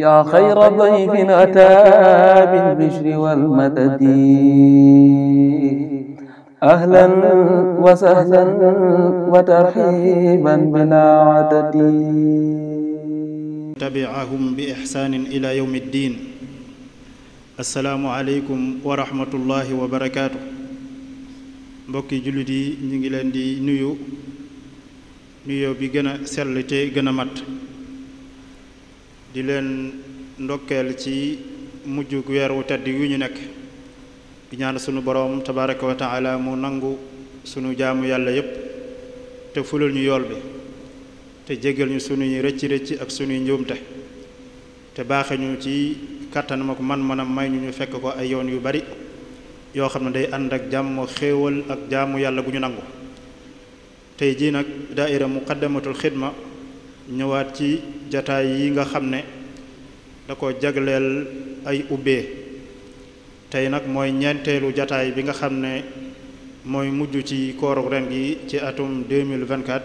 yaa xayra dayfin ataa bil bishri wal madadi ahlan wa sahlan wa tarhiiban bilaa adadi tabi'ahum bi ihsaanin ilaa yawmi ddiin assalaamu aleykum wa rahmatullaahi wa barakaatu mbokki jullit yi ñu ngi leen di nuyu nuyoo bi gën a sell te gën a mat di leen ndokkeel ci mujjug weer wu tedd yu ñu nekk di ñaan sunu boroom tabaraka wa taala mu nangu suñu jaamu yàlla yépp te fulal ñu yool bi te jegal ñu sunuy rëcci rëcci ak sunuy njuumte te baaxe ñu ci kàttanam ak man-manam may ñu fekk ko ay yoon yu bari yoo xam ne day ànd ak jàmm xéewal ak jaamu yàlla gu ñu nangu tey jii nag daaira muqaddamatul xidma ñëwaat ci jataay yi nga xam ne da ko jagleel ay ubbee tey nag mooy ñeenteelu jataay bi nga xam ne mooy mujj ci kooru ren gi ci atum 2024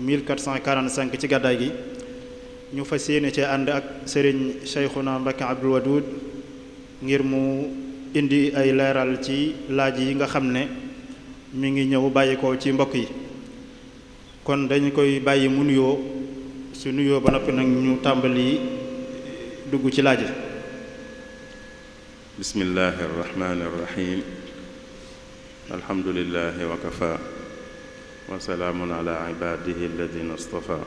1445 ci gàddaay gi ñu fas yéene ci ànd ak sëriñ Cheikhuna Mbacké Abdul Wadud ngir mu indi ay leeral ci laaj yi nga xam ne mu ngi ñëw bàyyi ko ci mbokk yi kon dañ koy bàyyi mu nuyoo su nuyoo ba noppi nag ñu tàmbali dugg ci laaj bismillahi arrahmani arrahim alhamdulilahi wa kafa wa salaamun ala ibadihi alladina astafa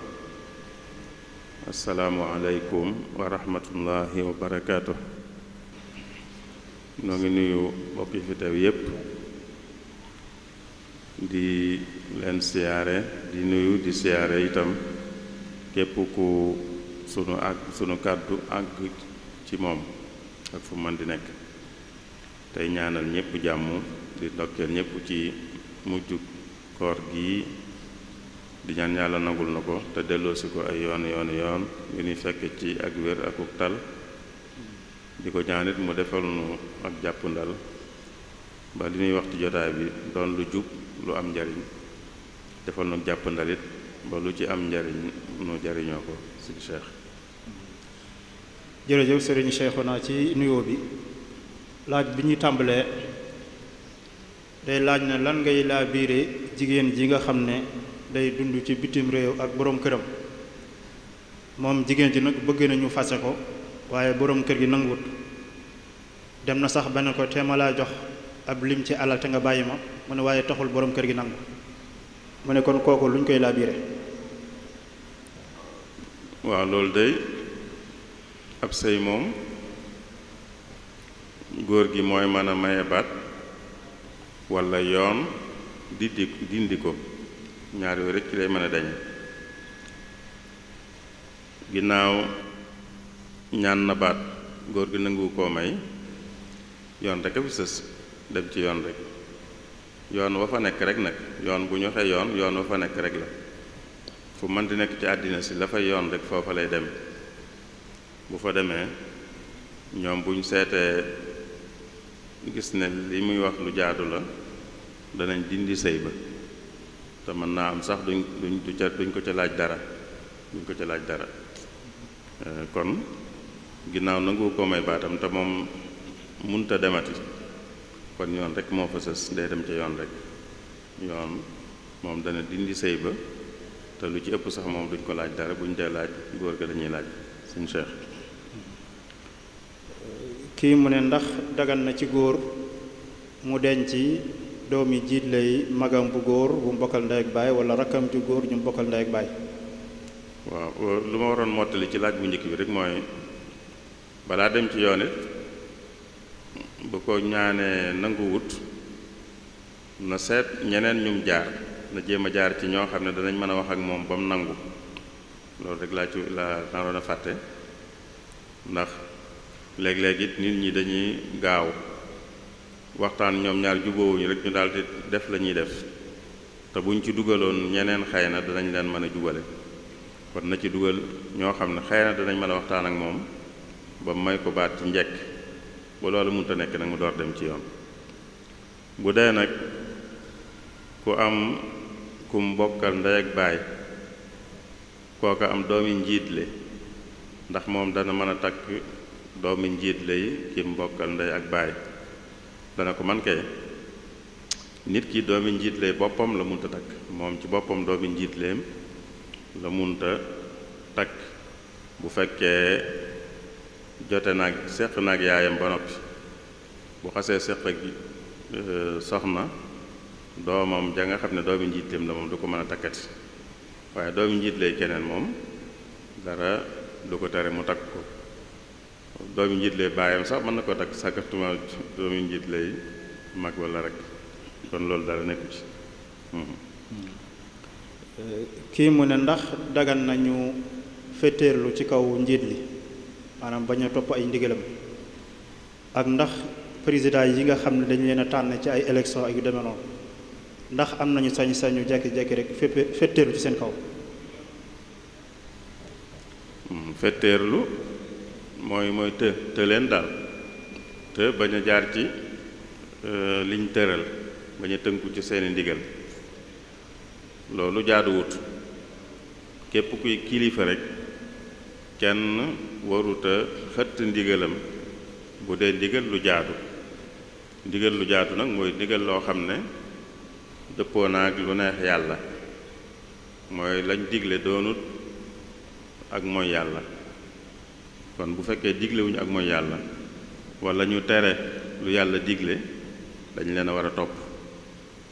assalaamu aleykum wa rahmatullahi wa barakaatu noo ngi nuyu mbokk yi fi teew yépp di leen siyaare di nuyu di siyaare itam képp ku sunu àgg sunu kàddu àgg ci moom ak fu mën di nekk tey ñaanal ñëpp jàmm di ndokkeel ñëpp ci mujj koor gi di ñaan yàlla nagul na ko te delloosi ko ay yoon yoon yoon yu ñuy fekk ci ak wér ak uk tal di ko ñaanit mu defal nu ak jàpp ndal ba li ñuy wax ci jotaay bi doon lu jub lu am njariñ defal nu jàpp ndalit ba lu ci am njariñ nu jariñoo ko sëñ Cheikh jërëjëf sëriñ naa ci nuyoo bi laaj bi ñuy tàmbalee day laaj na lan ngay laa biire jigéen ji nga xam ne day dund ci bitim réew ak boroom këram moom jigéen ji nag bëgg nañu fase ko waaye boroom kër gi nanguwut dem na sax ba ne ko ma laa jox ab lim ci alal te nga bàyyi ma mu ne waaye taxul boroom kër gi nangu mu ne kon kooku lu ñu koy laabire waaw loolu day ab sëy moom góor gi mooy mën a maye baat walla yoon di di dindi ko ñaar yooyu rekk ci lay mën a dañ ginnaaw ñaan na baat góor gi nangu koo may yoon rekk a fi sës dem ci yoon rekk yoon wa fa nekk rek nag yoon bu ñu waxee yoon yoon wa fa nekk rek la fu mën di nekk ci àddina si la fay yoon rek foofa lay dem bu fa demee ñoom bu ñu seetee gis ne li muy wax lu jaadu la danañ dindi sëy ba te mën naa am sax duñ duñ du ca duñ ko ca laaj dara duñ ko ca laaj dara eh, kon ginnaaw nagu ko may baatam te moom munta demati kon yoon rek moo fa sës day dem ca yoon rek yoon moom dindi sëy ba te lu ci ëpp sax moom duñ ko laaj dara buñ dee laaj góor ga dañuy laaj suñ cheikh kii mu ne ndax dagal na ci góor mu denc doomi jiit lay magam bu góor bu mbokkal ndey ak baay wala rakkam ju góor ñu mbokkal ndey ak baay waaw lu ma waroon mottali ci laaj bu njëkk bi rek mooy balaa dem ci yoon it bu ko ñaanee nanguwut na seet ñeneen ñum jaar na jéem a jaar ci ñoo xam ne danañ mën a wax ak moom ba mu nangu loolu rek laa ci laa naroon fàtte ndax léeg-léeg it nit ñi dañuy gaaw waxtaan ñoom ñaar jubóowuñu rek ñu daal di def la ñuy def te buñ ci dugaloon ñeneen xëy na danañ leen mën a jubale kon na ci dugal ñoo xam ne xëy na danañ mën a waxtaan ak moom ba may ko baat ci njekk bu loolu mënta nekk nag mu door dem ci yoon bu dee nag ku am kum bokkal ndey ak baay kooka am doomi njiit le ndax moom dana mën a takk doomi njiit le yi ki mbokkal ndey ak baay dana ko man kay nit ki doomi njiit le boppam la munta takk moom ci boppam doomi njiit leem la munta takk bu fekkee jote nag seq nag yaayam ba noppi bu xasee seq ak euh, soxna doomam ja nga xam ne doomi njiitam la moom du ko mën a takkati waaye doomi njiit lay keneen moom dara du ko tere mu takk ko doomi njiit lay baayam sax mën na ko takk sàkkatuma doomi njiit lay mag walla rek kon loolu dara nekku ci mm-hmm. euh, kii mu ne ndax dagan nañu féeteerlu ci kaw njiit li maanaam bañ a topp ay ndigalam ak ndax président yi nga xam ne dañu leen a tànn ci ay élection ak yu demee ndax am nañu sañ-sañu jekki-jekki rek fépp fetteerlu seen kaw. Hmm, fetteerlu mooy mooy të të leen daal te bañ a jaar ci euh, liñ tëral bañ a tënku ci seeni ndigal loolu jaaduwut képp kuy kilifa rek. kenn waruta xëtt ndigalam bu dee ndigal lu jaatu ndigal lu jaatu nag mooy ndigal loo xam ne dëppoo naa ak lu neex yàlla mooy lañ digle doonut ak mooy yàlla kon bu fekkee diglewuñu ak mooy yàlla wala ñu tere lu yàlla digle dañ leen a war a topp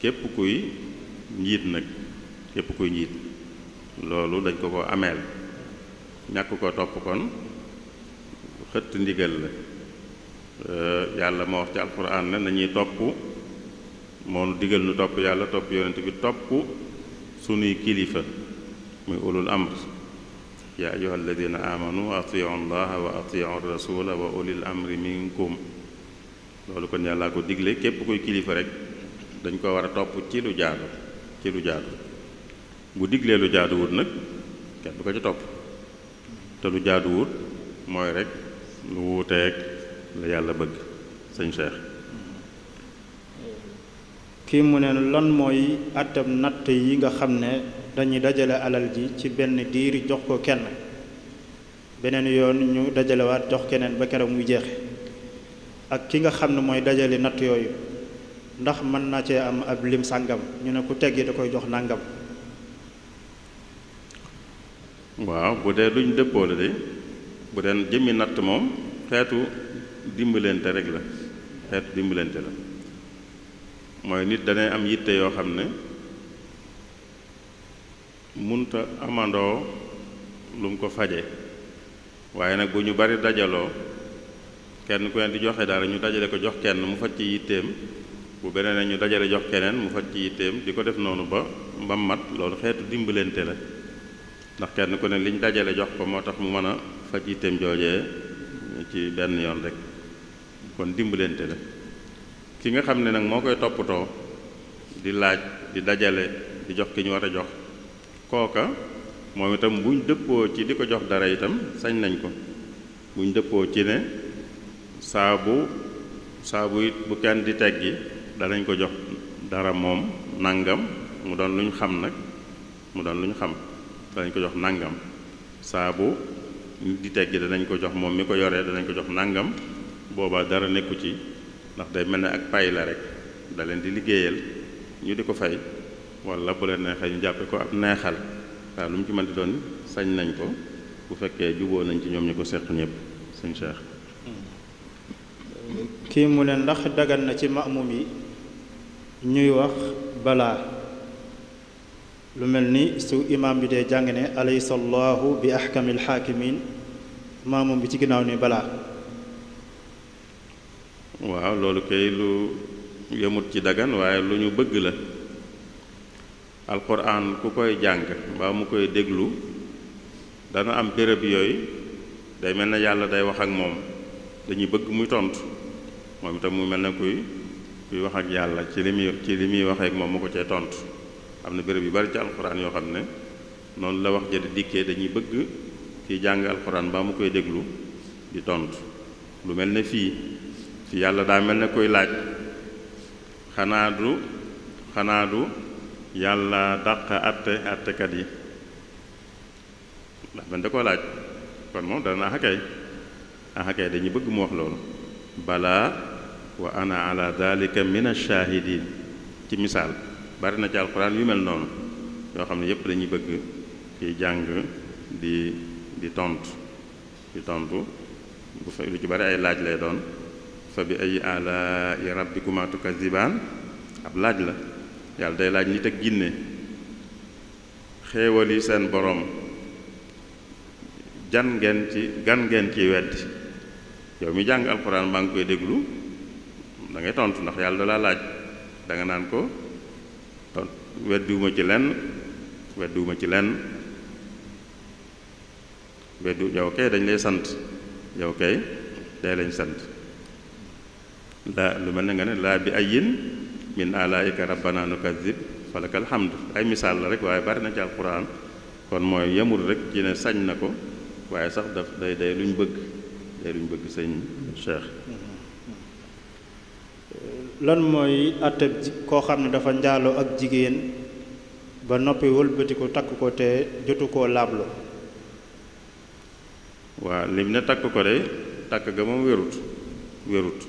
képp kuy njiit nag képp kuy njiit loolu dañ ko ko ameel ñàkk ko topp kon xëtt ndigal la euh, yàlla moo wax ci alquran ne nañuy topp moonu digal nu topp yàlla topp yonent bi topp sunuy kilifa muy ulul amr yaa ayuha alladina amanu atiu wa atiu rasula minkum loolu kon yàllaa ko digle képp kuy kilifa rek dañ ko war a topp ci lu jaadu ci lu jaadu bu diglee lu jaaduwut nag kenn du ko ci topp te lu jaaduwut mooy rekk lu wuuteeg la yàlla bëgg sëñ Cheikh. kii mu ne lan mooy atam natt yi nga xam ne dañuy dajale alal ji ci benn diir jox ko kenn beneen yoon ñu dajalewaat jox keneen ba keroog muy jeexe ak ki nga xam ne mooy dajale natt yooyu ndax mën na cee am ab lim sàngam ñu ne ku teggi da koy jox nàngam waaw bu dee luñ dëppoo la de bu dee jëmmi natt moom xeetu dimbalante rek la xeetu dimbalante la mooy nit danay am yitte yoo xam ne munta amandoo lum ko faje waaye nag bu ñu bari dajaloo kenn ku ne di joxe dara ñu dajale ko jox kenn mu faj ci yitteem bu beneen ñu dajale jox keneen mu faj ci yitteem di ko def noonu ba mbam mat loolu xeetu dimbalente la ndax kenn ku ne ñu dajale jox ko moo tax mu mën a faj itam joojee ci benn yoon rek kon dimbalante la ki nga xam ne nag moo koy toppatoo di laaj di dajale di jox ki ñu war a jox kooka moom itam buñ dëppoo ci di ko jox dara itam sañ nañ ko buñ dëppoo ci ne saabu saabu it bu kenn di teggi danañ ko jox dara moom nangam mu doon luñ xam nag mu doon lu ñu xam danañ ko jox nangam saabu di teggi danañ ko jox moom mi ko yoree danañ ko jox nangam boobaa dara nekku ci ndax day mel ne ak pay la rek da leen di liggéeyal ñu di ko fay wala bu leen neexee ñu jàppe ko ab neexal waaw ci mën di doon sañ nañ ko bu fekkee juboo nañ ci ñoom ñu ko seq ñëpp sëñ Cheikh. kii mu ne ndax dagan na ci maamum yi ñuy wax balaa lu mel ni su imaam bi dee jàng ne alaysa allahu bi ahkamil xaakimin maamum bi ci ginnaaw ni balaa waaw loolu kay lu yemut ci daggan waaye lu ñu bëgg la alquran ku koy jàng mbaa mu koy déglu dana am béréb yooyu day mel na yàlla day wax ak moom dañuy bëgg muy tontu moom itam mu mel ne kuy kuy wax ak yàlla ci li muy ci li muy waxee moom mu ko cee tontu. am na béréb yu bari ci alxuraan yoo xam ne noonu la wax ja di dikkee dañuy bëgg ki jàng alxuraan mbaa mu koy déglu di tontu lu mel ne fii fi yàlla daa mel ne koy laaj xanaa du xanaa du yàlla dàq àtte àttekat yi ndax mel ne koo laaj kon moom dana axakay axakay dañuy bëgg mu wax loolu balaa wa ana ala dalika min ash ci misaal bari na ci alxuraan yu mel noonu yoo xam ne yëpp dañuy bëgg ci jàng di di tontu di tontu bu fa lu ci bari ay laaj lay doon fa bi ay ala i rabbikuma tukazibaan ab laaj la yàlla day laaj nit ak ginne xéewal seen borom jan ngeen ci gan ngeen ci wedd yow mi jàng alxuraan maa ngi koy déglu da ngay tontu ndax yàlla da laaj danga naan ko wedduwuma ci lenn wedduwuma ci lenn weddu yow kay dañ lay sant yow kay day lañ sant laa lu mel ne nga ne laa bi ay yin min alaayika rabbana nukazib falakal hamd ay misaal la rek waaye bari na ci alquran kon mooy yemul rek ci ne sañ na ko waaye sax daf day day luñ bëgg day luñ bëgg sëñ Cheikh lan mooy àttab koo xam ne dafa njaaloo ak jigéen ba noppi wëlbatiku takk ko te jotu koo laablu waaw lim ne takk ko de takk ga moom wérut wérut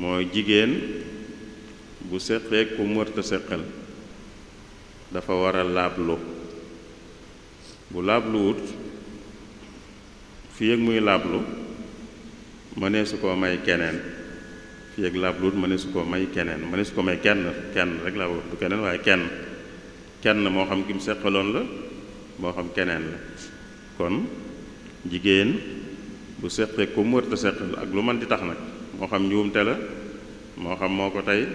mooy jigéen bu séqee ku mërta séqal dafa war a laablu bu laabluwut fii ak muy laablu mëneesu koo may keneen yeeg laab luut mënees su ko may keneen mënees su ko may kenn kenn rek laa wax keneen waaye kenn kenn moo xam ki mu seqaloon la moo xam keneen la kon jigéen bu seqee ko mu wërta seqal ak lu man di tax nag moo xam njuumte la moo xam moo ko tey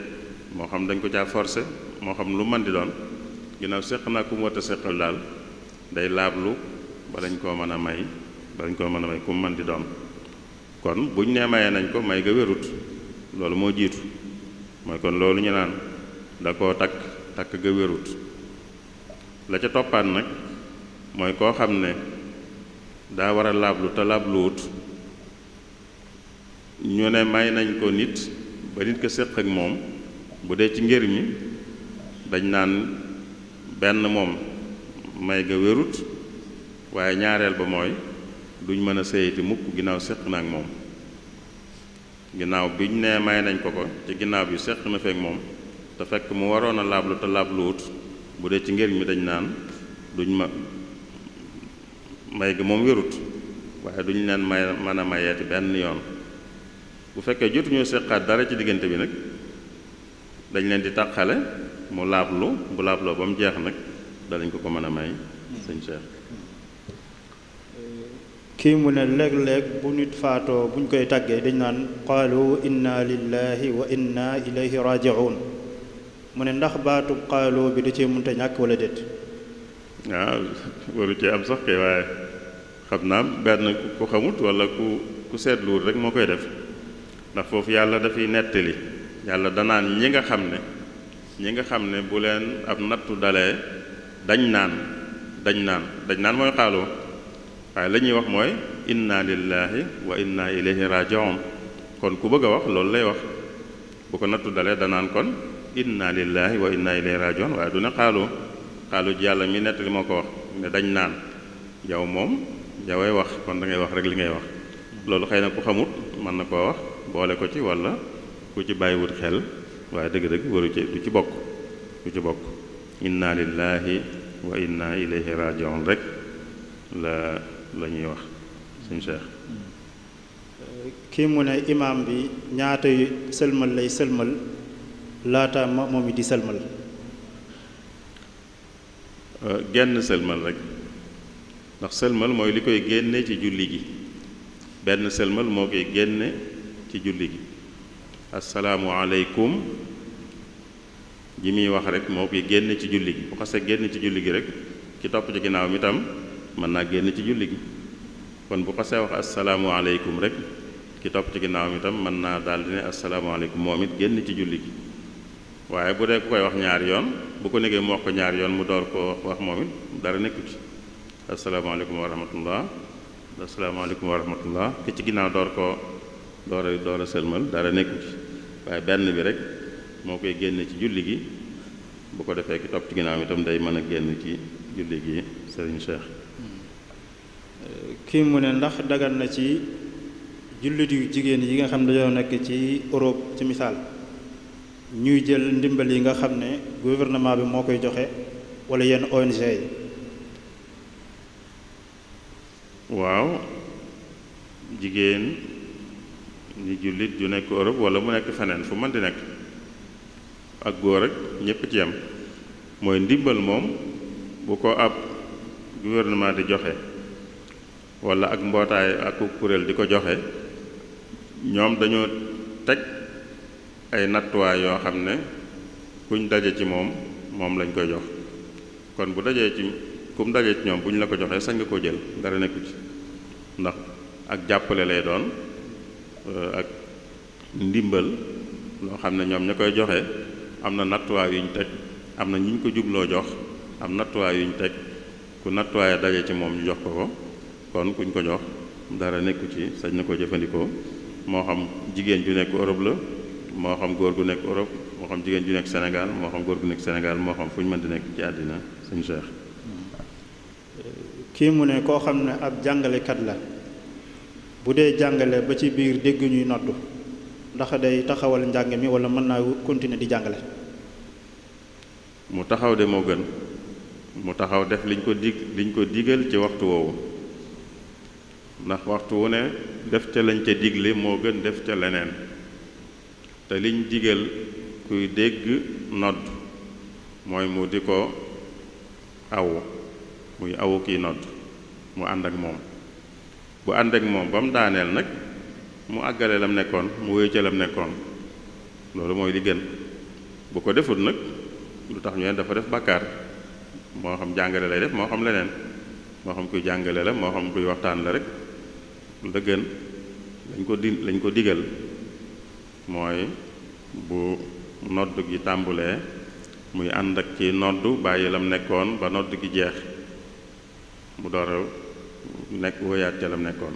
moo xam dañ ko caa forcé moo xam lu mën di doon ginnaaw seq naa ku mu wërta seqal daal day laablu ba dañ koo mën a may ba dañ koo mën a may ku man di doon kon buñ ne mayee nañ ko may ga wérut loolu moo jiitu mooy kon loolu ñu naan da koo takk takk ga wérut la ca toppaat nag mooy koo xam ne daa war a laablu te laabluwut ñu ne may nañ ko nit ba nit ko séq ak moom bu dee ci ngër ñi dañ naan benn moom may ga wérut waaye ñaareel ba mooy duñ mën a séyati mukk ginnaaw séq na ak moom ginnaaw ñu nee may nañ ko ko ci ginnaaw bi seq na feek moom da fekk mu waroon a laablu te laabluwut bu dee ci ngir mi dañ naan duñ ma may gi moom wérut waaye duñ leen may mën a mayeeti benn yoon bu fekkee jotuñu seqaat dara ci diggante bi nag dañ leen di tàqale mu laablu bu laabloo ba mu jeex nag dalañ ko ko mën a may hmm. sëñ Cheikh kii mu ne léeg-léeg bu nit faatoo buñ koy tàggee dañ naan qaalu inna lillahi wa inna ilayhi raji'un mu ne ndax baatu qaalu bi da cee mënta ñàkk wala déet waaw waru cee am sax kay waaye xam naa benn ku xamut wala ku ku seetluwul rek moo koy def ndax foofu yàlla dafay nettali yàlla danaan ñi nga xam ne ñi nga xam ne bu leen ab nattu dalee dañ naan dañ naan dañ naan mooy xaaloo waaye la ñuy wax mooy inna lillahi wa inna ilayhi rajiun kon ku bëgg a wax loolu lay wax bu ko nattu dalee danaan kon inna lillahi wa inna ilayhi rajiun waaye du ne xaalu xaalu ji yàlla mi nettali moo ko wax ne dañ naan yow moom yaway wax kon da wax rek li ngay wax loolu xëy na ku xamut mën na koo wax boole ko ci walla ku ci bàyyiwut xel waaye dëgg-dëgg waru ci du ci bokk du ci bokk inna lillahi wa inna ilayhi rajiun rek la ñuy wax suñ Cheikh. kii mu ne imaam bi ñaata sëlmal lay sëlmal laata ma moom it di sëlmal. Euh, genn sëlmal rek ndax sëlmal mooy li koy génne ci julli gi benn sëlmal moo koy génne ci julli gi asalaamu aleykum ji muy wax rek moo koy génne ci julli gi bu xasee génne ci julli gi rek ci topp ci ginnaaw mi tam mën naa génn ci julli gi kon bu xasee wax asalaamualeykum rek ki topp ci ginnaawam itam mën naa daal di ne asalaamualeykum moom it génn ci julli gi waaye bu dee ku koy wax ñaari yoon bu ko négee mu wax ko ñaari yoon mu door koo wax moom it dara nekku ci asalaamaaleykum wa rahmatullah asalaamaaleykum wa rahmatullah ki ci ginnaaw door koo door a door a sëlmal dara nekku ci waaye benn bi rek moo koy génne ci julli gi bu ko defee ki topp ci day mën a génn ci julli gi fi mu ne ndax dagal na ci jullit yu jigéen yi nga xam ne dañoo nekk ci Europe ci misaal ñuy jël ndimbal yi nga xam ne gouvernement bi moo koy joxe wala yenn ONG waaw jigéen ñi jullit ju nekk Europe wala mu nekk feneen fu mën di nekk ak góor ak ñépp ci yam mooy ndimbal moom bu ko ab gouvernement di joxe. wala ak mbootaay ak kuréel di ko joxe ñoom dañoo teg ay nattuwaay yoo xam ne kuñ daje ci moom moom lañ koy jox kon bu dajee ci kum daje ci ñoom bu la ko joxee sañ nga koo jël dara nekku ci ndax ak jàppale lay doon euh, ak ndimbal loo xam ne ñoom ña koy joxe am na nattuwaay yu teg am na ñi ñu ko jubloo jox am nattuwaay yu ñu teg ku nattuwaay daje ci moom ñu jox ko ko kon kuñ ko jox dara nekku ci sañ na ko jëfandikoo moo xam jigéen ju nekk Europe la moo xam góor gu nekk Europe moo xam jigéen ju nekk senegal moo xam góor gu nekk senegal moo xam fu mën di nekk ci àddina sëñ Cheikh kii mu ne koo xam ne ab jàngalekat la bu dee jàngale ba ci biir dégg ñuy noddu ndax day taxawal njàng mi wala mën naa continuer di jàngale mu taxaw de moo gën mu taxaw def liñ ko dig liñ ko digal ci waxtu woowu ndax waxtu wu ne def ca lañ ca digle moo gën def ca leneen te liñ digal kuy dégg nodd mooy mu di ko awu muy awu kiy nodd mu ànd ak moom bu ànd ak moom ba mu daaneel nag mu àggale lam nekkoon mu wéy ca lam nekkoon loolu mooy di gën bu ko deful nag lu tax ñu ne dafa def bàkkaar moo xam jàngale lay def moo xam leneen moo xam kuy jàngale la moo xam kuy waxtaan la rek la gën lañ ko di lañ ko diggal mooy bu nodd gi tàmbulee muy ànd ak ci nodd bàyyi lam nekkoon ba nodd gi jeex mu door a nekk woyaat ca lam nekkoon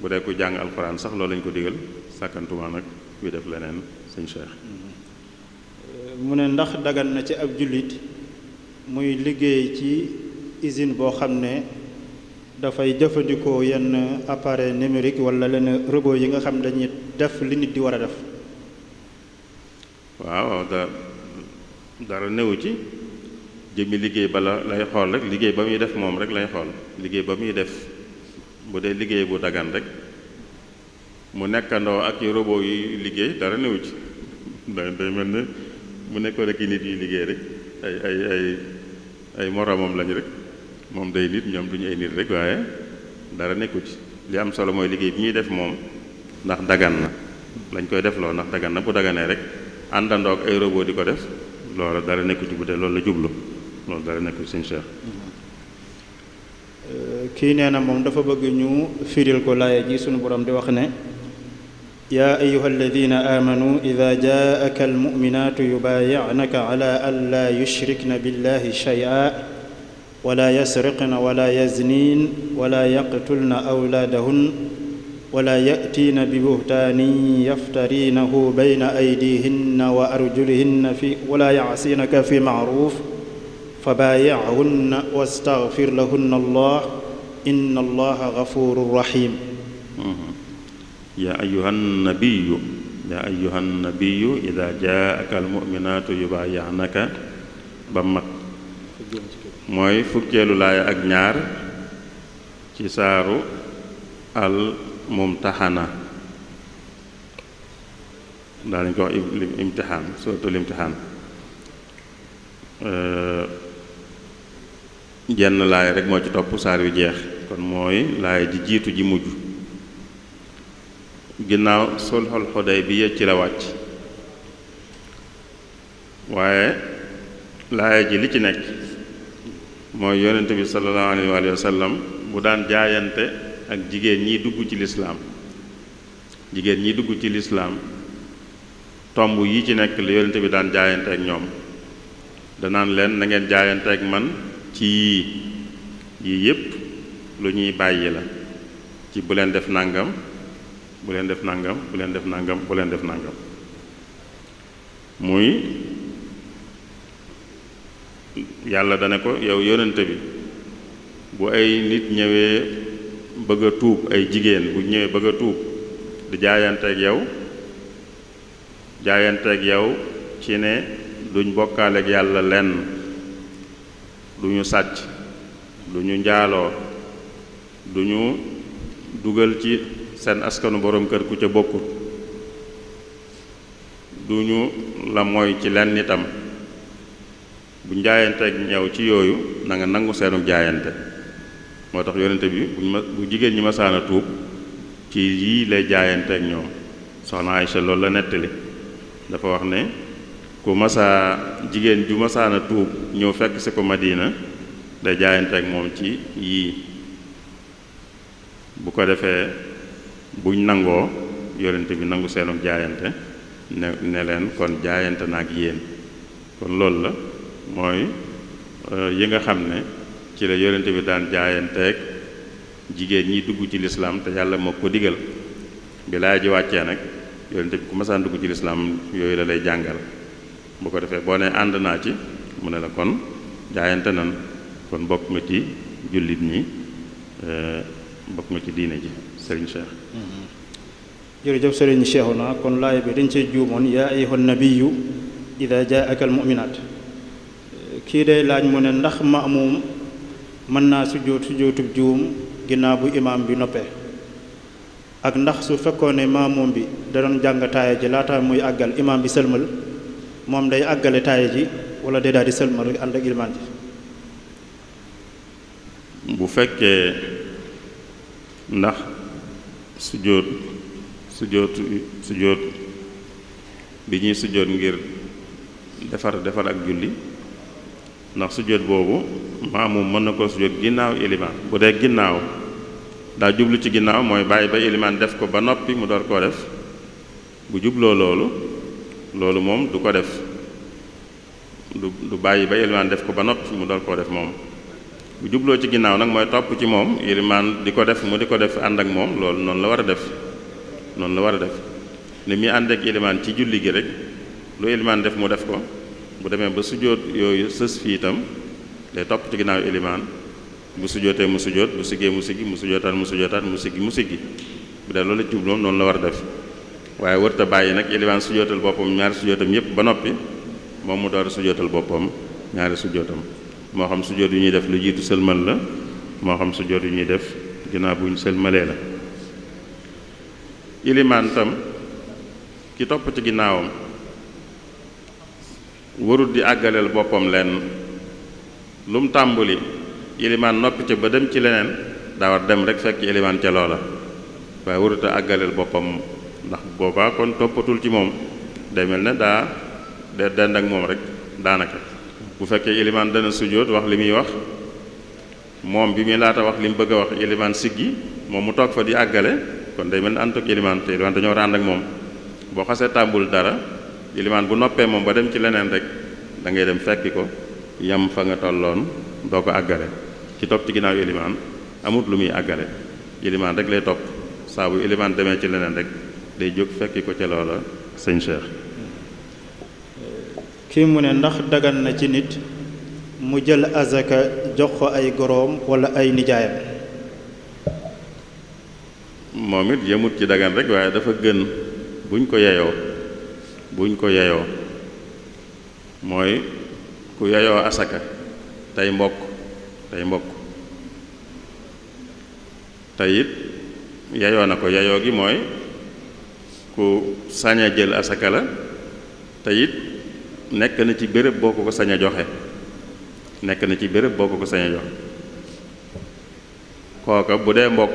bu dee ko jàng alxuraan sax loolu lañ ko diggal sàkkantuma nag kuy def leneen sëñ Cheikh mm-hmm. mu ne ndax dagan na ci ab jullit muy liggéey ci isin boo xam ne dafay jëfandikoo yenn appareil numérique wala lenn robo yi nga xam dañuy def li nit di war a def waaw da dara newu ci jëmmi liggéey ba la lay xool rek liggéey ba muy def moom rek lay xool liggéey ba muy def bu dee liggéey bu dagan rek mu nekkandoo ak yu robot yi liggéey dara newu ci mel ne mu nekkoon rek nit yi liggéey rek ay ay ay ay moroomam lañ rek moom day nit ñoom du ñu ay nit rek waaye dara nekku ci li am solo mooy liggéey bi ñuy def moom ndax dagan na lañ koy def loo ndax dagan na bu daganee rek àndandoo ak di ko def loolu dara nekku ci bu dee loolu la jublu lool dara nekku ci seen cheikh euh, kii nee na moom dafa bëgg ñu firil ko laaya ji suñu borom di wax ne yaa ayuha alladina aamanu ida jaaka almuminaatu yubaayinaka ala an laa yushrikna billahi shay'a ولا يسرقن ولا يزنين ولا يقتلن أولادهن ولا يأتين ببهتان يفترينه بين أيديهن وأرجلهن في ولا يعصينك في معروف فبايعهن واستغفر لهن الله إن الله غفور رحيم يا أيها النبي يا أيها النبي إذا جاءك المؤمنات يبايعنك بمك mooy fukkeelu laaya ak ñaar ci saaru al mumtaxana daa nañ ko wax imtixaan suratul imtixaan jenn laaya rek moo ci topp saar yu jeex kon mooy laaya ji jiitu ji mujj ginnaaw sulxul xudaybiya ci la wàcc waaye laaya ji li ci nekk mooy yonent bi sallallahu alayhi wa sallam bu daan jaayante ak jigéen ñiy dugg ci lislaam jigéen ñi dugg ci lislaam tomb yi ci nekk la yonent bi daan jaayante ak ñoom danaan leen na jaayante ak man ci yii yii yépp lu ñuy bàyyi la ci bu leen def nàngam bu leen def nàngam bu leen def nàngam bu leen def nàngam muy yàlla dana ko yow yonente bi bu ay nit ñëwee bëgg tuub ay jigéen bu ñëwee bëgg a tuub di jaayanteeg yow jaayanteeg yow ci ne duñ bokkaaleeg yàlla lenn duñu sàcc duñu njaaloo duñu dugal ci seen askanu borom kër ku ca bokkut duñu la mooy ci lenn itam buñ jaayanteeg ñëw ci yooyu nanga nangu seenu jaayante moo tax yonente bi buñ ma bu jigéen ñi ma saana tuub ci yii lay jaayanteek ñoom soxna Aysa loolu la nettali dafa wax ne ku masaa jigéen ju masaana tuub ñëw fekk si ko Madina day jaayanteeg moom ci yii bu ko defee buñ nangoo yonente bi nangu seenu jaayante ne ne leen kon jaayante na ak yéen kon loolu la mooy euh, yi nga xam ne ci la yonente bi daan jaayanteeg jigéen ñi dugg ci lislaam te yàlla moo ko digal bi laay ji wàccee nag yonente bi ku masaan dugg ci lislaam yooyu la lay jàngal boo ko defee boo ne ànd naa ci mu ne la kon jaayante nan kon bokk nga ci jullit ñi euh, bokk nga ci diine ji sëriñ Cheikh mm-hmm. jërëjëf sëriñ Cheikhuna kon laay bi dañ see juumoon yaa ayyuhan nabiyyu idaa jaa'aka al mu'minaat kii day laaj mu ne ndax maamuum mën naa sujjóot sujjóotub juum ginnaaw bu imaam bi noppee ak ndax su fekkoon ne maamuum bi da doon jàng taaya ji laata muy àggal imaam bi sëlmal moom day àggale taaya ji wala day daal di sëlmal rek ànd ak ilmaan ji bu fekkee ndax sujjóot sujjóot sujjóot bi ñuy sujjóot ngir defar defar ak julli ndax sujjóot boobu maamum mën na ko sujjóot ginnaaw ilimaan bu dee ginnaaw daa jublu ci ginnaaw mooy bàyyi ba ilimaan def ko ba noppi mu door koo def bu jubloo loolu loolu moom du ko def du du bàyyi ba ilimaan def ko ba noppi mu door koo def moom bu jubloo ci ginnaaw nag mooy topp ci moom ilimaan di ko def mu di ko def ànd ak moom loolu noonu la war a def noonu la war a def ni muy ànd ak ilimaan ci julli gi rek lu ilimaan def mu def ko bu demee ba sujjóot yooyu sës fii itam day topp ci ginnaaw ilimaan bu sujjóotee mu sujjóot bu siggee mu siggi mu sujjóotaat mu sujjóotaat mu siggi mu siggi bu dee loolu jubloom noonu la war a def waaye warut a bàyyi nag ilimaan sujjóotal boppam ñaari sujjóotam yëpp ba noppi moom mu door a sujjóotal boppam ñaari sujjóotam moo xam sujjóot yu ñuy def lu jiitu sëlmal la moo xam sujjóot yu ñuy def ginnaaw bu ñu sëlmalee la ilimaan tam ki topp ci ginnaawam warut di àggaleel boppam lenn lu mu tàmbuli ilimaan noppi ca ba dem ci leneen daawar dem rek fekk ilimaan ca loola waaye warut àggaleel boppam ndax boobaa kon toppatul ci moom day mel ne daa de dend ak moom rek daanaka bu fekkee ilimaan dana sujjóot wax li muy wax moom bi muy laata wax li mu bëgg a wax ilimaan siggi moom mu toog fa di àggale kon day mel ne ànd ak ilimaan te ilimaan dañoo war ak moom boo xasee tàmbul dara ilimaan bu noppee moom ba dem ci leneen rek da ngay dem fekki ko yam fa nga tolloon doo ko àggale ci topp ci ginnaaw ilimaan amut lu muy àggale ilimaan rek lay topp saabu bu ilimaan demee ci leneen rek day jóg fekki ko ca loola sëñ Cheikh kii mu ne ndax dagan na ci nit mu jël azaka jox ko ay goroom walla ay nijaayam moom it yëmut ci dagan rek waaye dafa gën buñ ko yeyoo buñ ko yeyoo mooy ku yeyoo asaka tey mbokk tey mbokk tey it yeyoo na ko yeyoo gi mooy ku sañ a jël asaka la te nekk na ci béréb boo ko ko sañ a joxe nekk na ci bërëb boo ko ko sañ a joxe kooka bu dee mbokk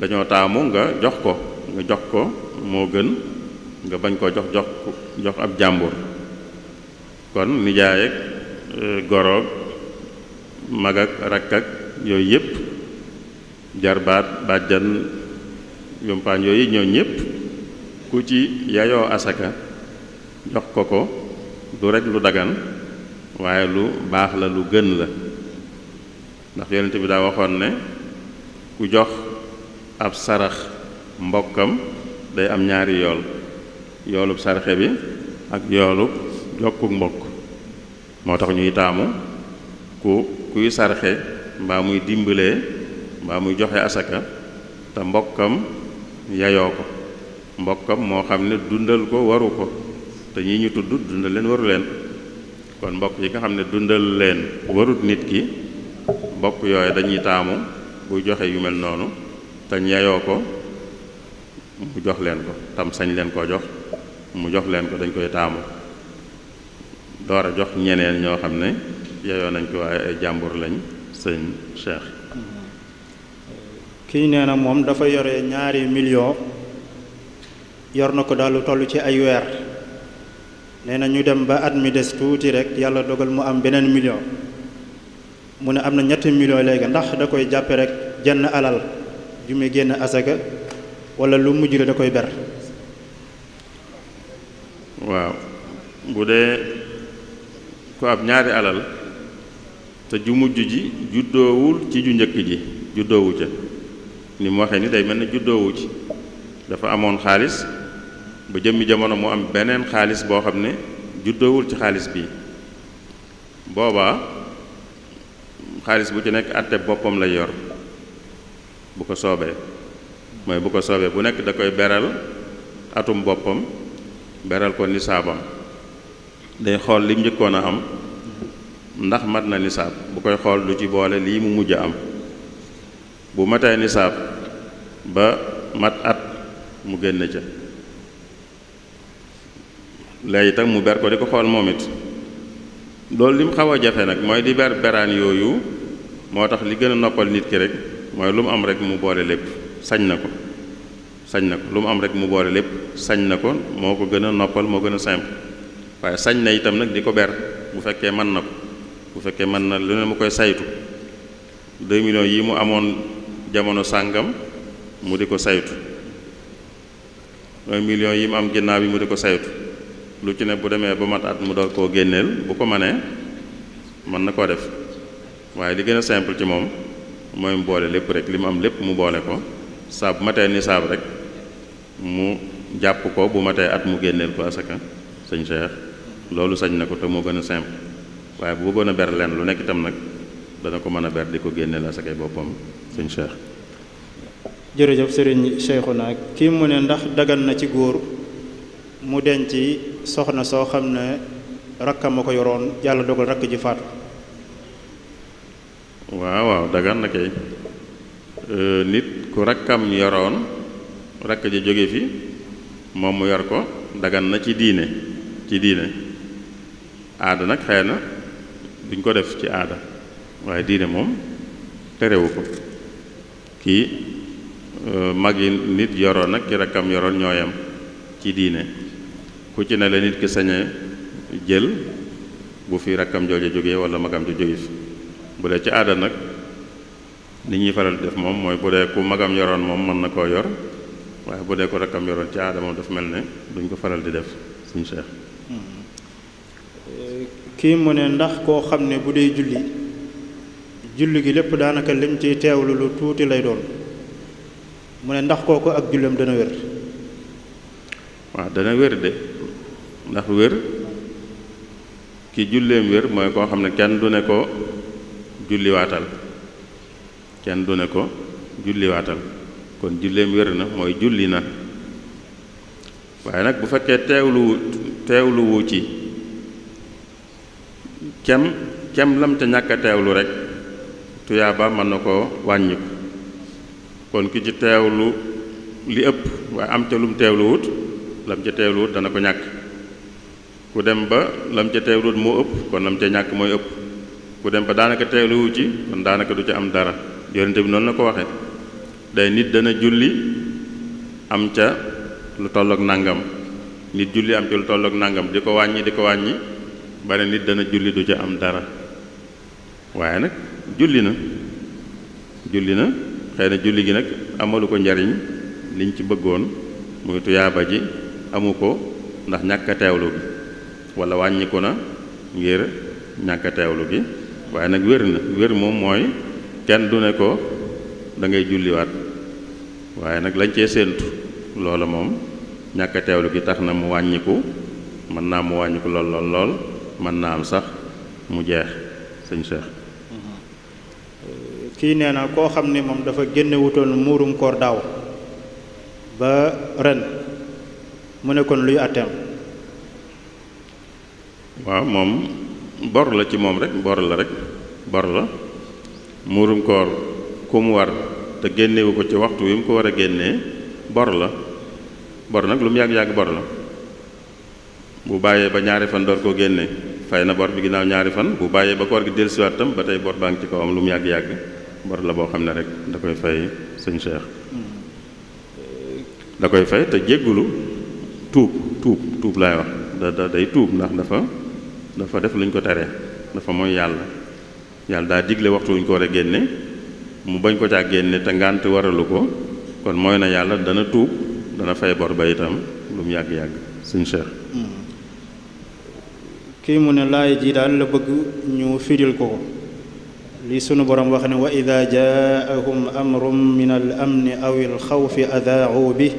dañoo taamu nga jox ko nga jox ko moo gën nga bañ koo jox jox jox ab jàmbur kon nijaay ak euh, goroog mag ak rakk ak yooyu yëpp jarbaat bàjjan yompaañ yooyu ñoo ñëpp ku ci yayoo asaka jox ko ko du rekk lu dagan waaye lu baax la lu gën la ndax yonent bi daa waxoon ne ku jox ab sarax mbokkam day am ñaari yool yoolub sarxe bi ak yoolub jokkuk mbokk moo tax ñuy taamu ku kuy sarxe mbaa muy dimbalee mbaa muy joxe asaka te mbokkam yayoo ko mbokkam moo xam ne dundal ko waru ko te ñi ñu tudd dundal leen waru leen kon mbokk yi nga xam ne dundal leen warut nit ki mbokk yooyu dañuy taamu buy joxe yu mel noonu te ñeyoo ko mu jox leen ko tam sañ leen koo jox mu jox leen ko dañ koy taamu door a jox ñeneen ñoo xam ne yeyoo nañ ko waaye ay jàmbur lañ sëñ Cheikh. kii nee na moom dafa yore ñaari million yor na ko daal lu toll ci ay weer nee na ñu dem ba at mi des tuuti rek yàlla dogal mu am beneen million mu ne am na ñett million léegi ndax da koy jàppe rek jenn alal ju muy génn asaka wala lu mujj la da koy ber. waaw bu dee ku ab ñaari alal te ju mujj ji juddoowul ci ju njëkk ji juddoowu ca ni mu waxee ni day mën na juddoowu ci dafa amoon xaalis ba jëmmi jamono mu am beneen xaalis boo xam ne juddoowul ci xaalis bi boobaa xaalis bu ci nekk àtte boppam lay yor bu ko soobee mooy bu ko soobee bu nekk da koy beral atum boppam beral ko nisaabam day xool lim njëkkoon a am ndax mat na nisaab bu koy xool du ci boole lii mu mujj am bu matee nisaab ba mat at mu génn ca léegi tam mu ber ko di ko xool moom it loolu mu xaw a jafe nag mooy di ber beraan yooyu moo tax li gën a noppal nit ki rek mooy lu mu am rek mu boole lépp sañ na ko sañ na ko lu mu am rek mu boole lépp sañ na ko moo ko gën a noppal moo gën a simple waaye sañ na itam nag di ko ber bu fekkee man na ko bu fekkee mën na lu ne mu koy saytu 2 millions yi mu amoon jamono sàngam mu di ko saytu 1 million yi mu am ginnaaw bi mu di ko saytu lu ci ne bu demee ba mat at mu door koo génneel bu ko manee mën na koo def waaye li gën a simple ci moom mooy mu boole lépp rek li mu am lépp mu boole ko. saa bu ni nisaab rek mu jàpp ko bu matee at mu génneel ko asaka sëñ Cheikh loolu sañ na ko te moo gën a simple waaye bu bëggoon a ber leen lu nekk itam nag dana ko mën a ber di ko génneel asakay boppam sëñ Cheikh. jërëjëf sëriñ Cheikhouna kii mu ne ndax dagan na ci góor mu denc soxna soo xam ne rakkam a ko yoroon yàlla dogal rakk ji faatu. waaw waaw dagan na kay euh, nit. ku rakkam yoroon rakk ji jóge fi moom mu yor ko dagan na ci diine ci diine aada nag xëy na duñ ko def ci aada waaye diine moom terewu ko kii euh, mag yi nit yoroon nag ki rakkam yoroon ñooyam ci diine ku ci ne la nit ki sañe jël bu fi rakkam jooja jógee wala magam ju jóge fi bu dee ci aada nag nit ñuy faral di def moom mooy bu dee ku magam yoroon moom mën na koo yor waaye bu dee ku rakkam yoroon ci aada moom dafa mel ne duñ ko faral di def suñ seex hmm. kii mu ne ndax koo xam ne bu dee julli julli gi lépp daanaka lim ciy teewlu lu tuuti lay doon mu ne ndax kooku ak jullam dana wér waaw dana wér de ndax wér ki julleem wér mooy koo xam ne kenn du ne ko julliwaatal kenn du ne ko julliwaatal kon julleem wér na mooy julli na waaye nag bu fekkee teewluwu teewluwu ci kem kem lam ca ñàkk a teewlu rek tuyaaba mën na ko wàññi kon ki ci teewlu li ëpp waaye am ca lum teewluwut lam ca teewluwut dana ko ñàkk ku dem ba lam ca teewluwut moo ëpp kon lam ca ñàkk mooy ëpp ku dem ba daanaka teewluwu ci kon daanaka du ca am dara yonente bi noonu la ko waxe day nit dana julli am ca lu tollook nangam nit julli am ca lu tolloog nangam di ko wàññi di ko wàññi ba ne nit dana julli du ca am dara waaye nag julli na julli na xëy julli gi nag amalu ko njariñ liñ ci bëggoon muy tuyaaba ji amu ko ndax ñàkk a teewlu wala wàññiku na ngir ñàkk a bi waaye nag wér na wér moom mooy kenn du ne ko dangay ngay julliwaat waaye nag lañ cee séentu loola moom ñàkk a gi tax na mu wàññiku mën naa mu wàññiku lool lool lool mën naa am sax mu jeex sëñ Cheikh. kii nee naa koo xam ni moom dafa génne wutoon muurum koor daaw ba ren mu ne kon luy atteem. waaw moom bor la ci moom rek bor la rek bor la. muurum koor ku mu war te génnewu ko ci waxtu wi mu ko war a génnee bor la bor nag lu mu yàgg-yàgg bor la bu bàyyee ba ñaari fan door koo génne fay na bor bi ginnaaw ñaari fan bu bàyyee ba koor gi dellusiwaat tam ba tey bor baa ngi ci kawam lu mu yàgg-yàgg bor la boo xam ne rek da koy fay sëñ Cheikh hmm. da koy fay te jéggulu tuub tuub tuub laay wax da da day tuub ndax dafa dafa def lu ko tere dafa mooy yàlla yàlla daa digle waxtu wuñ ko war a génne mu bañ ko caa génne te ngànt waralu ko kon mooy na yàlla dana tuub dana fay bor ba itam lu mu yàgg-yàgg suñ cheikh hmm. kii mu ne laay ji daal la bëgg ñu firil ko ko li sunu borom wax ne wa ida jaahum amrun min al amni aw al xawfi adaau bi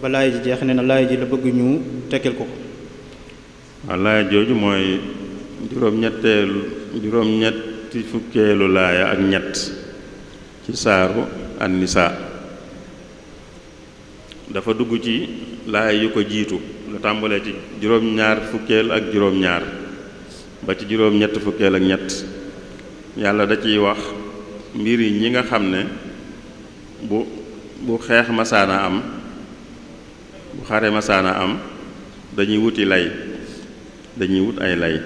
ba laay ji jeex ne na laay ji la bëgg ñu tekkil ko ko laay jooju mooy juróom-ñetteel juróom-ñett ñetti fukkeelu laaya ak ñett ci saaru annisaa dafa dugg ci laaya yu ko jiitu lu tàmbalee ci juróom-ñaar fukkeel ak juróom-ñaar ba ci juróom-ñett fukkeel ak ñett yàlla da ciy wax mbir yi ñi nga xam ne bu bu xeex masaana am bu xare masaana am dañuy wuti lay dañuy wut ay lay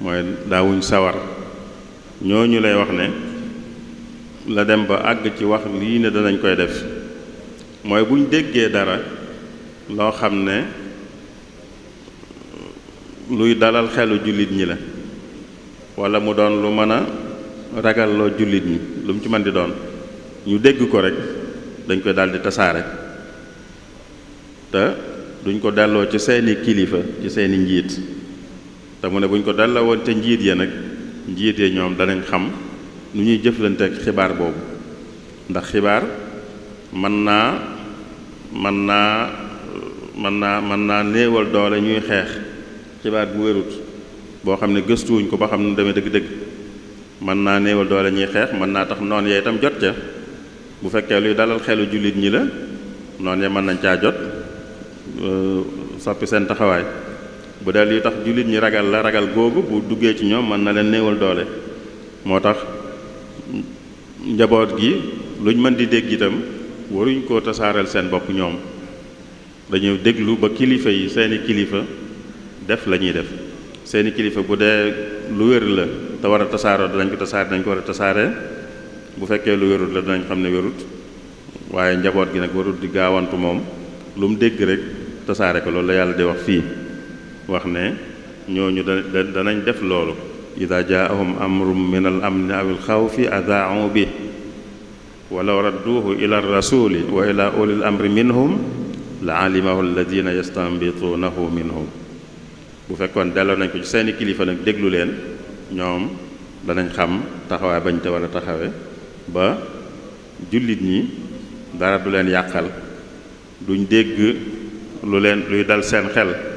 mooy daawuñ sawar ñooñu lay wax ne la dem ba àgg ci wax lii ne danañ koy def mooy buñ déggee dara loo xam ne luy dalal xelu jullit ñi la wala mu doon lu mën a ragalloo jullit ñi lu mu ci man di doon ñu dégg ko rek dañ koy daldi tasaare te duñ ko delloo ci seeni kilifa ci seeni njiit te mu ne buñ ko delloo woon ca njiit ya nag njiite ñoom danañ xam nu ñuy jëflante xibaar boobu ndax xibaar mën naa man naa mën naa mën naa néewal doole ñuy xeex xibaar bu wérut boo xam ne gëstuwuñ ko ba xam ne demee dëgg-dëgg mën naa néewal doole ñuy xeex mën naa tax noon ya itam jot ca bu fekkee luy dalal xelu jullit ñi la noonu ya mën nañ caa jot euh, soppi seen taxawaay bu dee li tax jullit ñi ragal la ragal googu bu duggee ci ñoom mën na leen néewal doole moo tax njaboot gi luñ mën di dégg itam waruñ koo tasaareel seen bopp ñoom dañu déglu ba kilifa yi seeni kilifa def la ñuy def seeni kilifa bu dee lu wér la te war a tasaaroo danañ ko tasaare dañ ko war a tasaare bu fekkee lu wérut la danañ xam ne wérut waaye njaboot gi nag warut di gaawantu moom lu mu dégg rek tasaare ko loolu la yàlla di wax fii wax ne ñooñu da danañ def loolu ida jaahum amrum min al amni aw al xawfi adaau bi walaw radduuhu ila rasuli wa ila ulil amri minhum la alimahu alladina yastanbituunahu minhum bu fekkoon delloo nañ ko ci seeni kilifa nag déglu leen ñoom danañ xam taxawaay bañ te war a taxawe ba jullit ñi dara du leen yàqal duñ dégg lu leen luy dal seen xel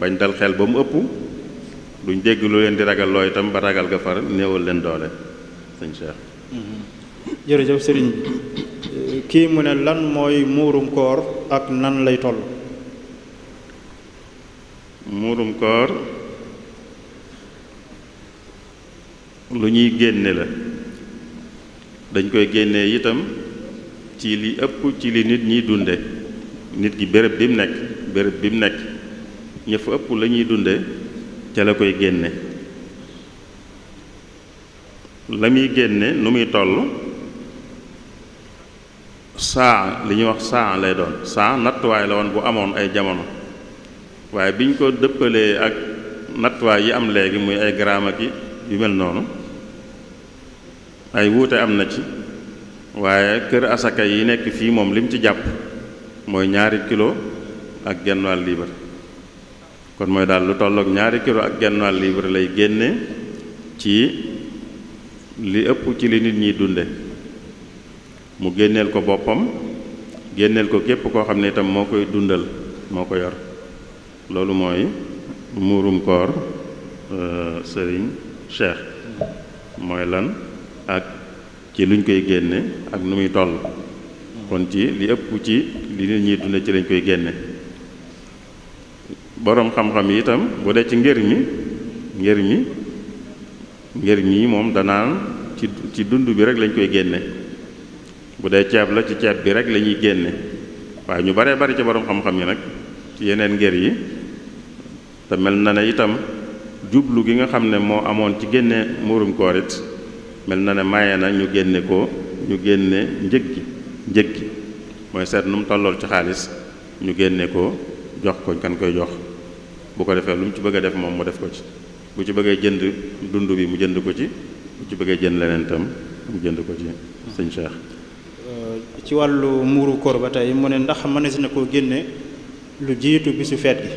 bañ dal xel ba mu ëpp duñ dégg lu leen di ragal loo itam ba ragal ga far néewal leen doole sëñ Cheikh. Mm-hmm. jërëjëf sëriñ kii mu ne lan mooy muurum koor ak nan lay toll. muurum koor lu ñuy génne la dañ koy génne itam ci li ëpp ci li nit ñiy dunde nit ki béréb bi mu nekk béréb bi mu nekk. ña ëpp la ñuy dunde ca la koy génne la muy génne nu muy toll saa li ñuy wax saa lay doon saa nattuwaay la woon bu amoon ay jamono waaye biñ ko dëppalee ak nattuwaay yi am léegi muy ay gramme ak yu mel noonu ay wuute am na ci waaye kër asaka yi nekk fii moom lim ci jàpp mooy ñaari kilo ak genn wàll liibar kon mooy daal lu tollook ñaari kilo ak genn wàll libre lay génne ci li ëpp ci li nit ñiy dunde mu génneel ko boppam génneel ko képp koo xam ne itam moo koy dundal moo ko yor loolu mooy muurum koor euh, sëriñ Cheikh mooy lan ak ci luñ koy génne ak nu muy toll kon ci li ëpp ci li nit ñiy dunde ci lañ koy génne boroom xam-xam yi itam bu dee ci ngër ñi ngër ñi ngër mii moom danaan ci ci dund bi rek lañ koy génne bu dee ceeb la ci ceeb bi rek lañuy génne waaye ñu baree bari ci boroom xam-xam yi nag ci yeneen ngér yi te mel na ne itam jublu gi nga xam ne moo amoon ci génne murum koor mel na ne maye na ñu génne ko ñu génne njëg gi njëg gi mooy seet nu mu tollool ci xaalis ñu génne ko jox ko kan koy jox bu ko defee lu mu ci bëgg a def moom mu def ko ci bu ci bëggee jënd dund bi mu jënd ko ci bu ci bëggee jënd leneen tam mu jënd ko ci sëñ Cheikh. Euh, ci wàllu muuru koor ba tey mu ne ndax mënees na koo génne lu jiitu bisu feet gi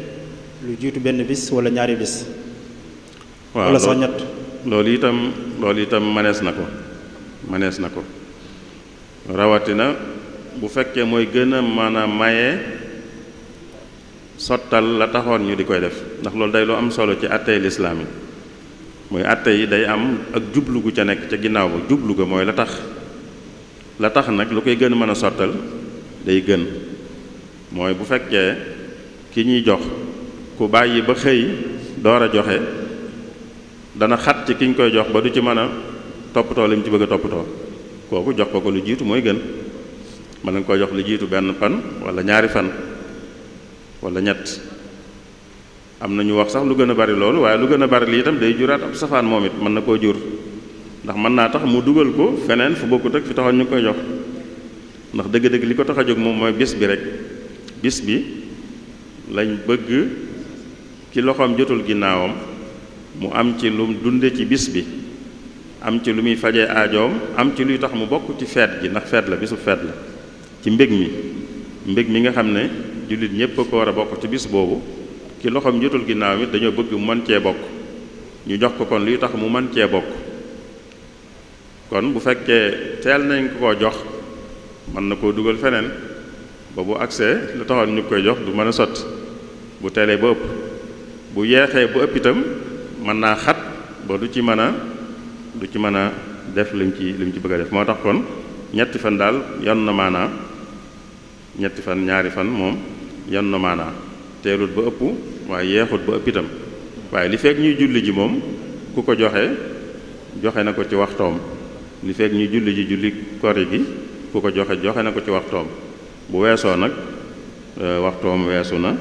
lu jiitu benn bis wala ñaari bis. waaw sax ñett loolu itam loolu itam mënees na ko mënees na ko rawatina bu fekkee mooy gën a maanaam maye. sottal la taxoon ñu di koy def ndax loolu day lu am solo ci àttey lislaam yi muy àtte yi day am ak jublu gu ca nekk ca ginnaaw ba jublu ga mooy la tax la tax nag lu koy gën a mën a sottal day gën mooy bu fekkee ki ñuy jox ku bàyyi ba xëy door a joxe dana xat ci ki ñu koy jox ba du ci mën a toppatoo li ci bëgg a toppatoo kooku jox ko ko lu jiitu mooy gën mën nañ koy jox lu jiitu benn fan wala ñaari fan wala ñett am na ñu wax sax lu gën a bari loolu waaye lu gën a bari lii itam day juraat ab safaan moom it mën na koo jur ndax mën naa tax mu dugal ko feneen fu bokkut ak fi taxoon ñu koy jox ndax dëgg-dëgg li ko tax a jóg moom mooy bis bi rek bis bi lañ bëgg ci loxoom jotul ginnaawam mu am ci lum dunde ci bis bi am ci lu muy faje aajoom am ci luy tax mu bokk ci feet gi ndax feet la bisu feet la ci mbég mi mbég mi nga xam ne jullit ñëpp ko war a bokk ci bis boobu ki loxoom jotul ginnaaw it dañoo bëgg mu mën cee bokk ñu jox ko kon luy tax mu man cee bokk kon bu fekkee teel nañ ko koo jox mën na koo dugal feneen ba bu agsee lu taxoon ñu koy jox du mën a sotti bu teelee ba ëpp bu yeexee ba ëpp itam mën naa xat ba du ci mën a du ci mën a def lim ci lim ci bëgg a def moo tax kon ñetti fan daal yon na maanaa ñetti fan ñaari fan moom yan nomaana maanaa teelut ba ëpp waaye yeexut ba ëpp itam waaye li fekk ñuy julli ji moom ku ko joxe joxe na ko ci waxtoom li fekk ñuy julli ji julli kori bi ku ko joxe joxe na ko ci waxtoom bu weesoo nag euh, waxtoom weesu na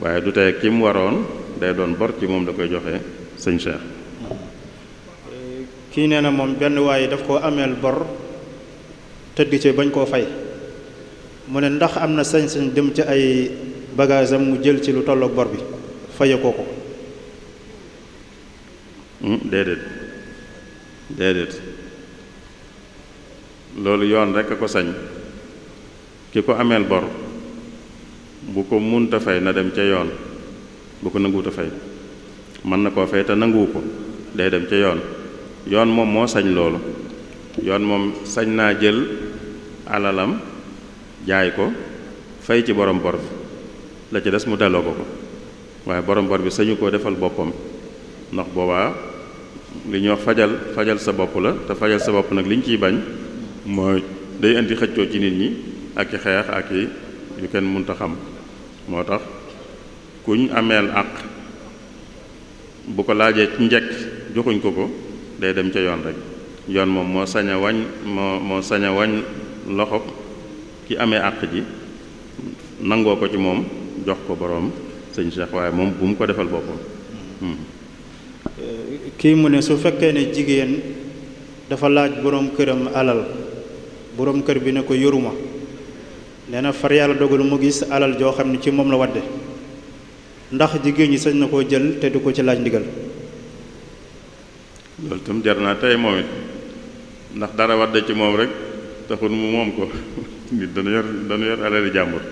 waaye du tey ki mu waroon day doon bor ci moom da koy joxe sëñ Cheikh euh, kii nee na moom benn waaye daf koo ameel bor tëdd ci bañ koo fay mu ne ndax am na sañ-sañ dem ci ay bagage mu jël ci lu tolloog bor bi faye ko ko hmm, déedéet déedéet loolu yoon rekk a ko sañ ki ko ameel bor bu ko munta fay na dem ca yoon bu ko nanguwuta fay mën na koo fay te nanguwu ko day dem ca yoon yoon moom moo sañ loolu yoon moom sañ naa jël alalam jaay ko fay ci borom bor la ci des mu delloo ko ko waaye borom bor bi sañu koo defal boppam ndax boobaa li ñuy wax fajal fajal sa bopp la te fajal sa bopp nag li ñu ciy bañ mooy day indi xëccoo ci nit ñi ak i xeex ak i yu kenn mënut xam moo tax kuñ ameel àq bu ko laajee ci njëkk joxuñ ko ko day dem ca yoon rek yoon moom moo sañ wañ moo moo sañ wañ loxo ki amee àq ji nangoo ko ci moom jox ko boroom sëñ Cheikh waaye moom bu mu ko defal boppam. Hmm. kii mu ne su fekkee ne jigéen dafa laaj boroom këram alal boroom kër bi ne ko yoruma nee na far yàlla dogal mu gis alal joo xam ne ci moom la wadde ndax jigéen ñi sëñ na koo jël te du ko ci laaj ndigal. loolu itam jar naa tey moom it ndax dara wadde ci moom rek taxul mu moom ko. nit dana yor dana yor alali jàmbur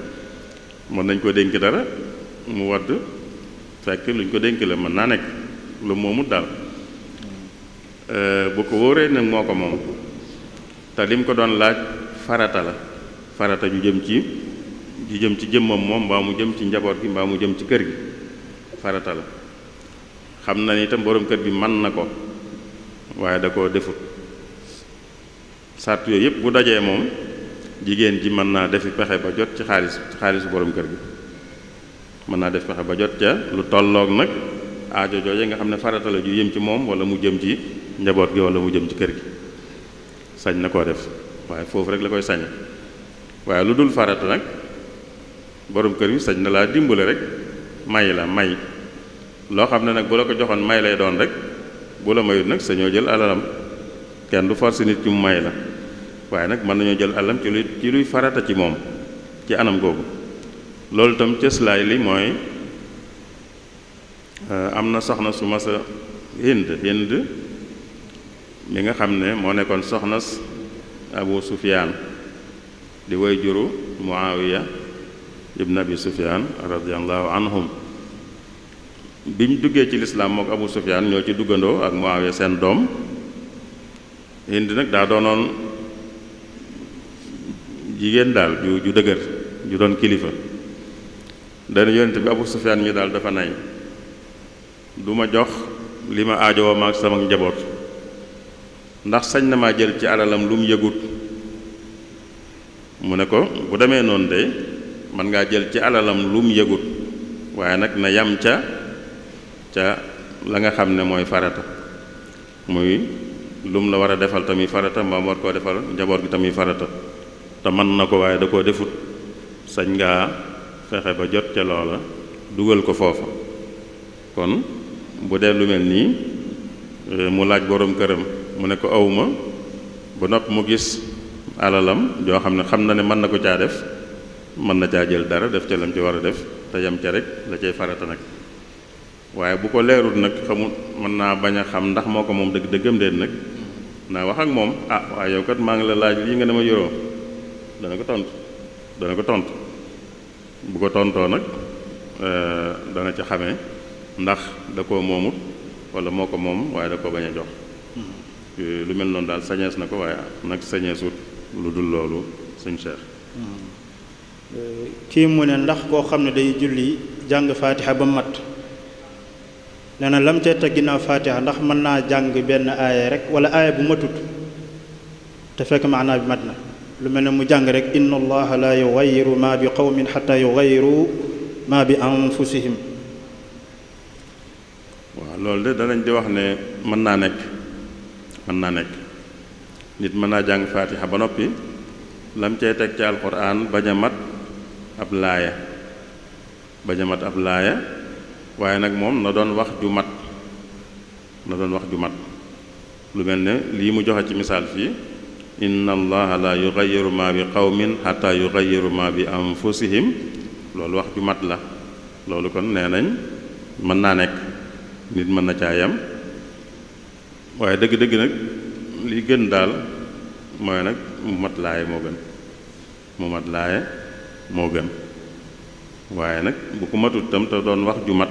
mën nañ koo dénk dara mu wadd fekk luñ ko dénk la mën naa nekk lu moomut daal eh, bu ko wóoree nag moo ko moom te lim ko doon laaj farata la farata ju jëm ci ju jëm ci jëmmam moom mbaa mu jëm ci njaboot gi mbaa mu jëm ci kër gi farata la xam na ni itam borom kër bi mën na ko waaye da koo defut sart yooyu yëpp bu dajee moom jigéen ji mën naa defi pexe ba jot ci xaalis ci xaalisu borom kër gi mën naa def pexe ba jot ca lu tolloog nag aajo jooje nga xam ne farata la ju yëm ci moom wala mu jëm ci njaboot gi wala mu jëm ci kër gi sañ na koo def waaye foofu rek la koy sañ waaye lu dul farata nag borom kër gi sañ na laa dimbale rek may la may loo xam ne nag bu la ko joxoon may lay doon rek bu la mayut nag sañoo jël alalam kenn du force nit ki mu may la waaye nag mën nañoo jël alam ci luy ci luy farata ci moom ci anam googu loolu itam cëslaay li mooy euh, am na soxna su mas a hind hind mi nga xam ne moo nekkoon soxna abu sufiyaan di way juru muawiya ibn abi sufiyaan radiallahu anhum bi ñu duggee ci lislaam mook abu sufiyaan ñoo ci duggandoo ak muawiya seen doom hind nag daa doonoon jigéen daal ju ju dëgër ju doon kilifa dana yonent bi Abu Sufyaan mi daal dafa nay du ma jox li ma aajowoo ma sama njaboot ndax sañ na maa jël ci alalam lu mu yëgut mu ne ko bu demee noonu de mën ngaa jël ci alalam lu mu yëgut waaye nag na yam ca ca la nga xam ne mooy farata muy lum la war a defal tamit farata mbaam war koo defal njaboot gi tamit farata te mën na ko waaye da koo defut sañ ngaa fexe ba jot ca loola dugal ko foofa kon bu dee lu mel nii eh, mu laaj borom këram mu ne ko awma ba nopp mu gis alalam yoo xam ne xam na ne mën na ko caa def mën na caa jël dara def ca lam ci war a def te yem ca rek la cay farata nag waaye bu ko leerul nag xamul mën naa bañ a xam ndax moo ko moom dëgg dëggam déet nag naa wax ak moom ah waaye yow kat maa ngi la laaj lii nga dama yoroo dana ko tontu dana ko tontu bu ko tontoo nag eh, dana ca xame ndax da ko moomut wala moo ko moom waaye da koo bañ jox mm-hmm. eh, lu mel noonu daal sañees na ko waaye nag sañeesut lu dul loolu sëñ Cheikh mm-hmm. eh, kii mu ne ndax koo xam ne day julli jàng faatiha ba mat nee na lam ca teg ginnaaw faatiha ndax mën naa jàng benn aaya rek wala aaya bu matut te fekk maanaa bi mat na lu mel ni mu jàng rek inna allaha yu yugayiru ma bi qawmin xata yugayiru ma bi anfusihim waaw loolu de danañ di wax ne mën naa nekk mën naa nekk nit mën naa jàng faatixa ba noppi lam cay teg ci alquran bañ mat ab laaya bañ ab laaya waaye nag moom na doon wax ju mat na doon wax ju mat lu mel ne lii mu joxe ci misaal fii inna allaha la yugayiru ma bi qawmin xata yugayiru ma bi anfusihim loolu wax ju mat la loolu kon nee nañ mën naa nekk nit mën na caa yam waaye dëgg-dëgg nag li gën daal mooy nag mu mat laaye moo gën mat laaye moo gën waaye nag bu ko matut tam te doon wax ju mat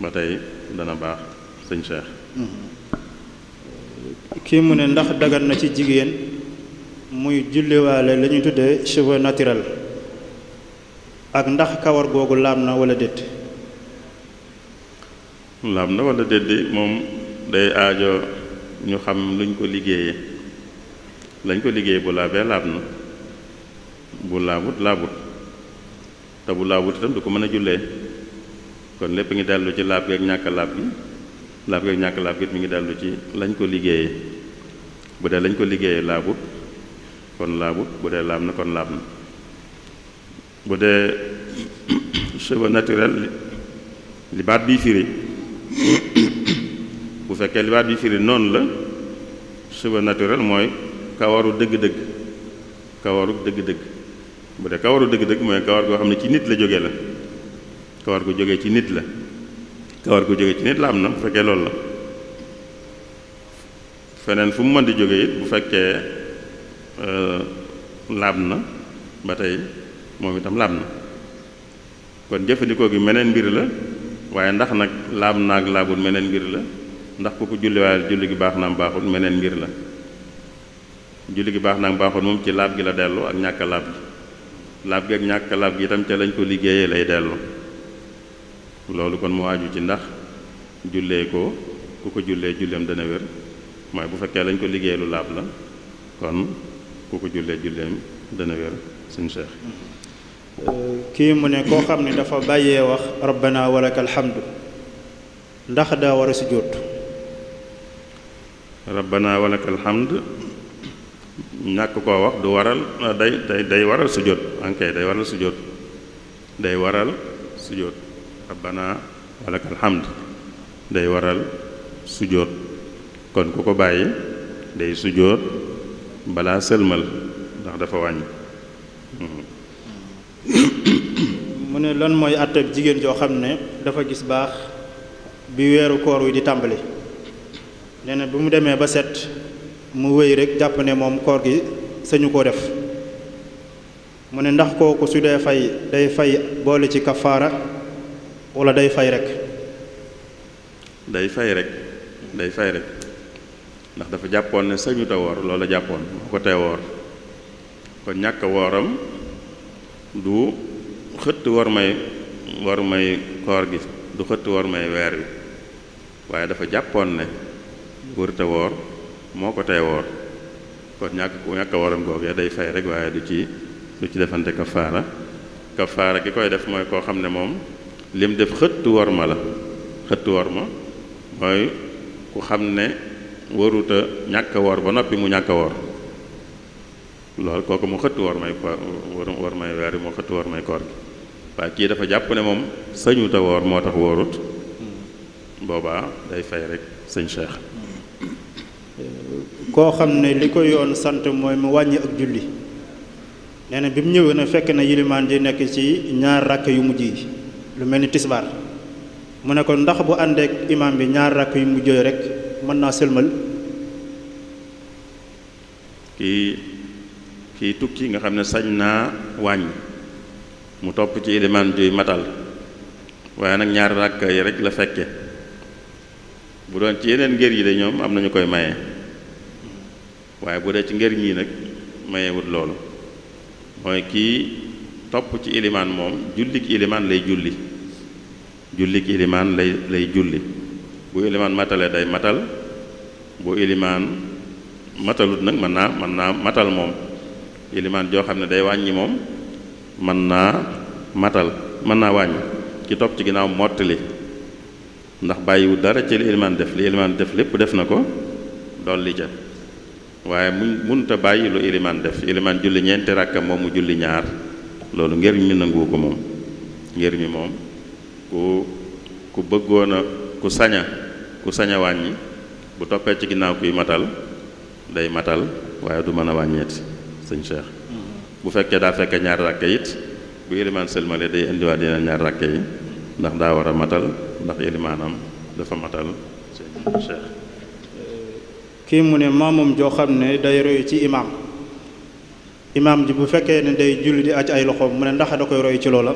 ba tey dana baax sëñ Cheikh kii mu ne ndax dagan na ci jigéen muy julliwaale lañuy ñuy tuddee cheveux naturel ak ndax kawar googu laab na walla déet laam na walla déet moom day aajo ñu xam luñ ko liggéeye lañ ko liggéey bu laabee laab na bu laabut laabut tabu bu laabut itam du ko mën a jullee kon lépp ngi dellu ci laab gi ak ñàkk laab gi laab gi ak ñàkk laab gi mi ngi dellu ci lañ ko liggéeyee bu dee lañ ko liggéeye laabut kon laabut bu dee laab na kon laab na bu dee cheveux naturel li baat bi firi bu fekkee libaat baat bi firi noonu la cheveux naturel mooy kawaru dëgg-dëgg kawaru dëgg-dëgg bu dee kawaru dëgg mooy kawar goo xam ne ci nit la jóge la kawar gu jóge ci nit la kawar gu jóge ci nit la am na bu fekkee loolu la feneen fu mu mën di jóge it bu fekkee Euh, laab na ba tey moom itam laab na kon jëfandikoo gi meneen mbir la waaye ndax nag laab naag laabul meneen mbir la ndax ku ko julli waaye julli gi baax naam baaxul meneen mbir la julli gi baax naam baaxul moom ci laab gi la dellu ak ñàkk laab gi laab gi ak ñàkk laab gi itam ca lañ ko liggéeyee lay dellu loolu kon mu waaju ci ndax jullee ko ku ko jullee julleem dana wér mooy bu fekkee lañ ko liggéeyee laab la kon ku ko jullee julleem dana wér suñu cheikh kii mu ne koo xam ne dafa bàyyee wax rabbana walaka alhamdu ndax daa war a sujjóot rabbana walaka alhamdu ñàkk koo wax du waral day day day waral sujjóot ankay day waral sujjóot day waral sujjóot rabbana day waral sujjóot kon ku ko bàyyi day sujjóot balaa sëlmal ndax dafa wàññi. mu ne lan mooy àtteeb jigéen joo xam ne dafa gis baax bi weeru koor wi di tàmbali nee na bu mu demee ba set mu wéy rek jàpp ne moom koor gi sañu koo def mu ne ndax kooku su dee fay day fay boole ci kafaara walla day fay rekk day fay rek day fay rek. ndax dafa jàppoon ne sañuta woor loola jàppoon moo ko tee woor kon ñàkk wooram du xëtt war may war may koor gi du xëtt war may weer wi waaye dafa jàppoon ne wërta woor moo ko tey woor kon ñàkk ñàkk waram googee day fay rek waaye du ci du ci defante kafaara kafaara ki koy def mooy koo xam ne moom lim def xëttu war ma la xëttu war ma mooy ku xam ne waruta ñàkk woor ba noppi mu ñàkk wor lool kooku mu xëtt war may war may weer mu xëtt war may koor gi waaye kii dafa jàpp ne moom sañuta woor moo tax woorut boobaa day fay rek sëñ Cheikh koo xam ne li ko yoon sant mooy mu wàññi ak julli nee na bi mu ñëwee na fekk na yilimaan di nekk ci ñaar rakk yu mujj yi lu mel ni tisbaar mu ne ko ndax bu àndeek imaam bi ñaar rakk yu mujj yooyu rek mën naa sëlmal kii kii tukki nga xam ne sañ naa wàññi mu topp ci ilimaan juy matal waaye nag ñaari ràkk yi rek la fekke bu doon ci yeneen ngër yi de ñoom am nañu koy maye waaye bu dee ci ngër ñii nag mayewut loolu mooy kii topp ci ilimaan moom jullik ilimaan lay julli jullik ilimaan lay julli bu ilimaan matalee day matal bu ilimaan matalut nag mën naa mën naa matal moom ilimaan joo xam ne day wàññi moom mën naa matal mën naa wàññ ci topp ci ginnaaw mottali ndax bàyyiwu dara ci ilimaan def li ilimaan def lépp def na ko dolli ca waaye mu munta bàyyi lu ilimaan def ilimaan julli ñeenti rakka moom mu julli ñaar loolu ngir mi ko moom ngir moom ku ku bëggoon ku saña ku sañ a wàññi bu toppee ci ginnaaw kuy matal day matal waaye du mën a wàññeeti sëñ Cheikh bu fekkee daa fekk ñaar ràkke it bu ilimaan sëlmale day indiwaat yeneen ñaar ràkke yi ndax daa war a matal ndax ilimaanam dafa matal sëñ Cheikh kii mu ne maamam joo xam ne day roy ci imaam imaam ji bu fekkee ne day julli di aj ay loxoom mu ne ndax da koy roy ci loola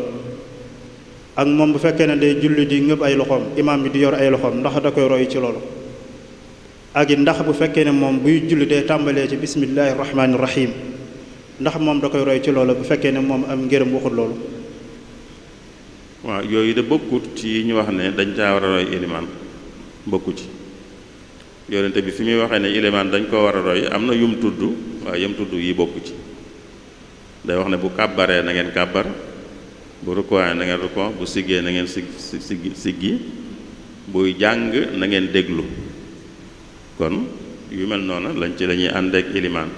ak moom bu fekkee ne day julli di ngëb ay loxoom imaam bi di yor ay loxoom ndax da koy roy ci loolu ak it ndax bu fekkee ne moom buy julli day tàmbalee ci bismillaahi rahmaani rahiim ndax moom da koy roy ci loolu bu fekkee ne moom am ngërëm waxut loolu waaw yooyu de bokkut ci ñu wax ne dañ caa war a roy ilimaan bokku ci yonente bi fi muy waxee ne ilimaan dañ koo war a roy am na yum tudd waaw yum tudd yi bokku ci day wax ne bu kàbbaree na ngeen kàbbar bu rukkoo na ngeen rukkoo bu siggee na ngeen sig siggi siggi buy jàng nangeen déglu kon yu mel noona lañ ci lañuy àndeek ilimaan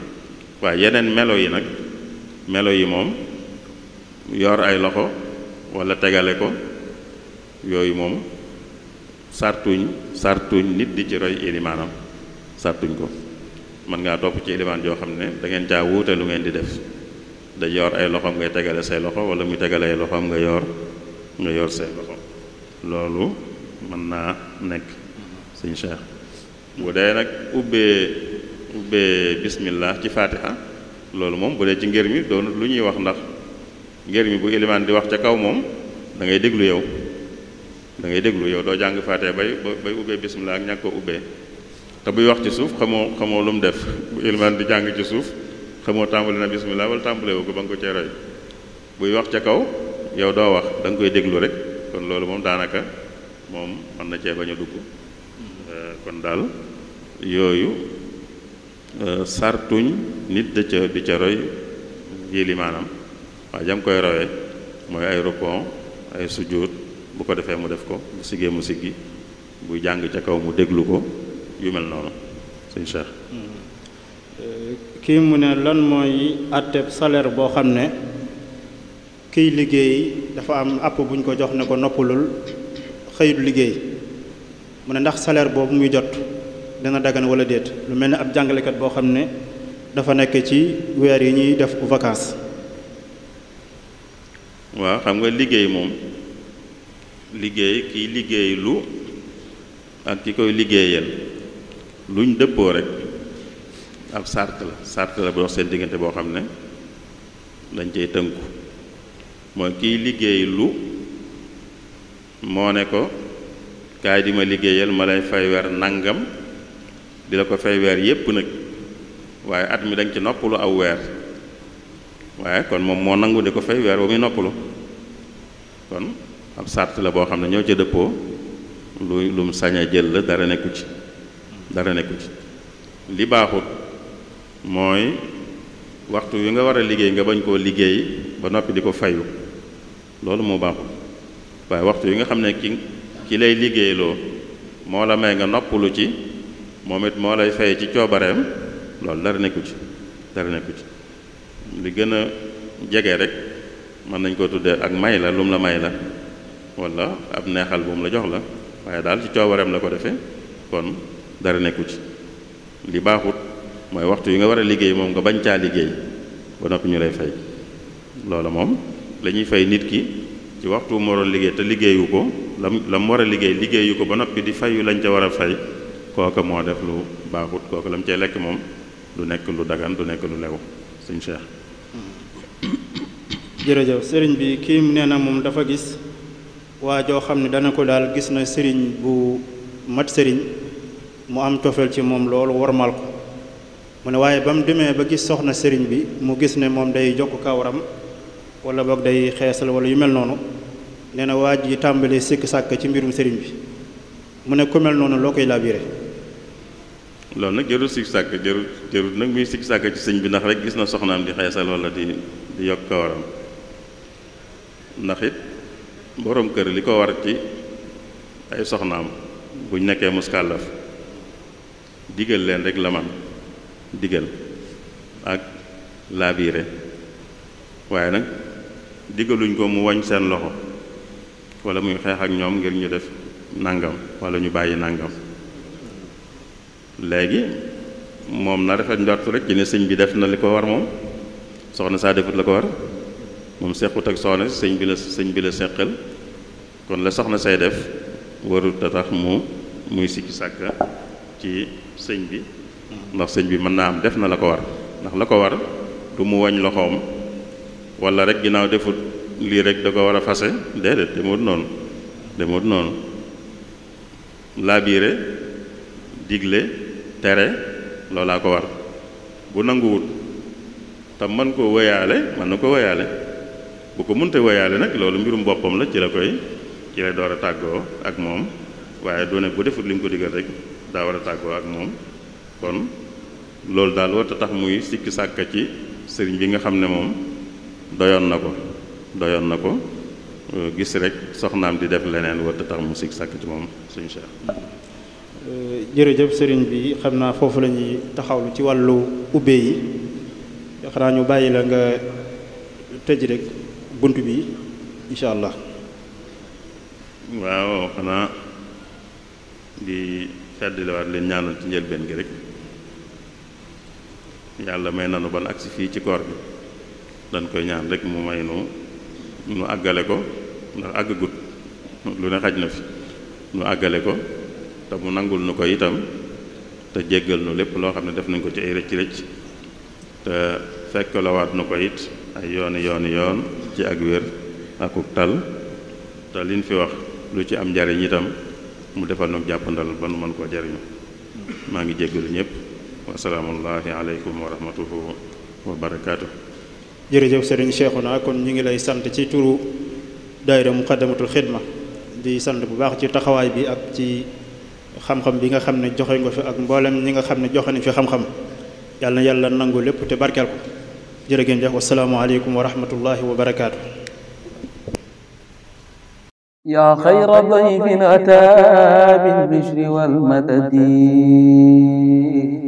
waaye yeneen melo yi nag melo yi moom yor ay loxo walla tegale ko yooyu moom sartuñ sartuñ nit di ci roy ilimaanam sartuñ ko man ngaa topp ci ilimaan yoo xam ne dangeen ngeen caa wuute lu ngeen di def da yor ay loxoom ngay tegale say loxo wala muy tegale ay loxoom nga yor nga yor say loxo loolu mën naa nekk sëñ Cheikh bu dee nag ubbee ubbee bismillah ci fatiha loolu moom bu dee ci ngër mi doonut lu ñuy wax ndax ngër mi bu ilimaan di wax ca kaw moom da ngay déglu yow da ngay déglu yow doo jàng faatee bay bay ubbee bismillah ak ñàkk koo ubbee te buy wax ci suuf xamoo xamoo lu mu def bu ilimaan di jàng ci suuf xamoo tàmbali na bisimilah wala tàmbale woo ko ba nga ko cay roy buy wax ca kaw yow doo wax da koy déglu rek kon loolu moom daanaka moom mën na cee bañ a dugg euh, kon daal yooyu euh, sartuñ nit da ca di ca roy yéeli maanaam waaye jam koy rawee mooy ay rukon ay sujjóot bu ko defee mu def ko bu siggee mu siggi buy jàng ca kaw mu déglu ko yu mel noonu sëñ Cheikh mm-hmm. Euh, kii mu ne lan mooy àtteb salaire boo xam ne kiy liggéey dafa am àpp bu ñu ko jox ne ko noppalul xëyut liggéey mu ne ndax salaire boobu muy jot dana dagan wala déet lu mel ni ab jàngalekat boo xam ne dafa nekk ci weer yi ñuy def vacances. waaw xam nga liggéey moom liggéey kiy liggéey lu ak ki koy liggéeyal luñ dëppoo rek. ab sart la sart la bu dox seen diggante boo xam ne dañ cee tënku mooy kiy liggéey lu moo ne ko kaay di ma liggéeyal ma lay fay weer nangam di la ko fay weer yépp nag waaye at mi dañ ci noppalu aw weer waaye kon moom moo nangu di ko fay weer ba muy noppalu kon ab sart la boo xam ne ñoo ca dëppoo lu lu mu sañ jël la dara nekku ci dara nekku ci li baaxut mooy waxtu wi nga war a liggéey nga bañ koo liggéey ba noppi di ko fayu loolu moo baaxul waaye waxtu yi nga xam ne ki ki lay liggéeyloo moo la may nga noppalu ci moom it moo lay fay ci coobareem loolu dara nekku ci dara nekku ci li gën a jege rek mën nañ ko tuddee ak may la lum la may la wala ab neexal bu la jox la waaye daal ci coobareem la ko defee kon dara nekku ci li baaxut mooy waxtu yi nga war a liggéey moom nga bañ caa liggéey ba noppi ñu lay fay loola moom lañuy ñuy fay nit ki ci waxtu mu waroon liggéey te liggéeyu ko lam la mu war a liggéey liggéeyu ko ba noppi di fayu lañ ca war a fay kooka moo def lu baaxut kooka la mu cay lekk moom du nekk lu dagan du nekk lu lew suñ cheikh jërëjëf sëriñ bi kii nee na moom dafa gis waa joo xam ne dana ko daal gis na sëriñ bu mat sëriñ mu am cofeel ci moom loolu warmal ko mu ne waaye ba mu demee ba gis soxna sëriñ bi mu gis ne moom day jokk kawaram wala boog day xeesal wala yu mel noonu nee na waa ji tàmbali sikk sàkk ci mbirum sëriñ bi mu ne ku mel noonu loo koy labiré loolu nag jarul sikk sàkk jarul jarul nag muy sikk sàkk ci sëñ bi ndax rek gis na soxnaam di xeesal wala di di yokk kawaram ndax it kër li ko war ci ay soxnaam buñ nekkee muskàllaf digal leen rek laman digal ak laabiire waaye nag digaluñ ko mu wañ seen loxo wala muy xeex ak ñoom ngir ñu def nangam wala ñu bàyyi nangam léegi moom na rafet njortu rek ci ne sëñ bi def na li ko war moom soxna saa defut la ko war moom sequt ak soxna sëñ bi sëñ bi la seqal kon la soxna say def warut a tax mu muy sikki sàkka ci sëñ bi ndax sëñ bi mën naa am def na la ko war ndax la ko war du mu wañ loxoom wala rek ginnaaw defut lii rek da ko war a fase déedéet demut noonu demut noonu laabiire digle tere loolaa ko war bu nanguwut te mën koo wéyaale mën na ko wéyaale bu ko mënta wéyaale nag loolu mbirum boppam la ci la koy ci la door tàggoo ak moom waaye doone bu defut li mu ko digal rek daa war a tàggoo ak moom kon loolu daal warta tax muy sikki sàkk ci sëriñ bi nga xam ne moom doyoon na ko doyoon na ko euh, gis rek soxnaam di def leneen warta tax mu sikki sàkk ci moom suñu cheikh euh, jërëjëf sëriñ bi xam naa foofu la ñuy taxawlu ci wàllu ubbe yi xanaa ñu bàyyi la nga tëj rek bunt bi incha allah waaw xanaa di feddliwaat leen ñaanal ci njëlbeen gi rek yàlla may nanu ban agsi fii ci koor bi dañ koy ñaan rek mu may nu nu àggale ko ndax àggagut lu ne xaj na fi nu àggale ko te mu nangul nu ko itam te jéggal nu lépp loo xam ne def nañ ko ci ay rëcc rëcc te fekk lawaat nu ko it ay yooni yooni yoon ci ak wér akuk tal te liñ fi wax lu ci am njariñ itam mu defal nag jàppandal ba nu mën koo jariñu maa ngi jéggalu ñëpp wasalaamullahi aleykum wa rahmatuhu wa barakaatu. jërëjëf sëriñ Cheikhouna kon ñu ngi lay sant ci turu daayira muqaddamatul xidma di sant bu baax ci taxawaay bi ak ci xam-xam bi nga xam ne joxe nga fi ak mboolem ñi nga xam ne joxe nañ fi xam-xam yàlla na nangu lépp te barkeel ko njax ngeen jëf wasalaamualeykum wa rahmatullahi wa barakaatu. yaa xayra dayfin ataa bil bishri wal madadi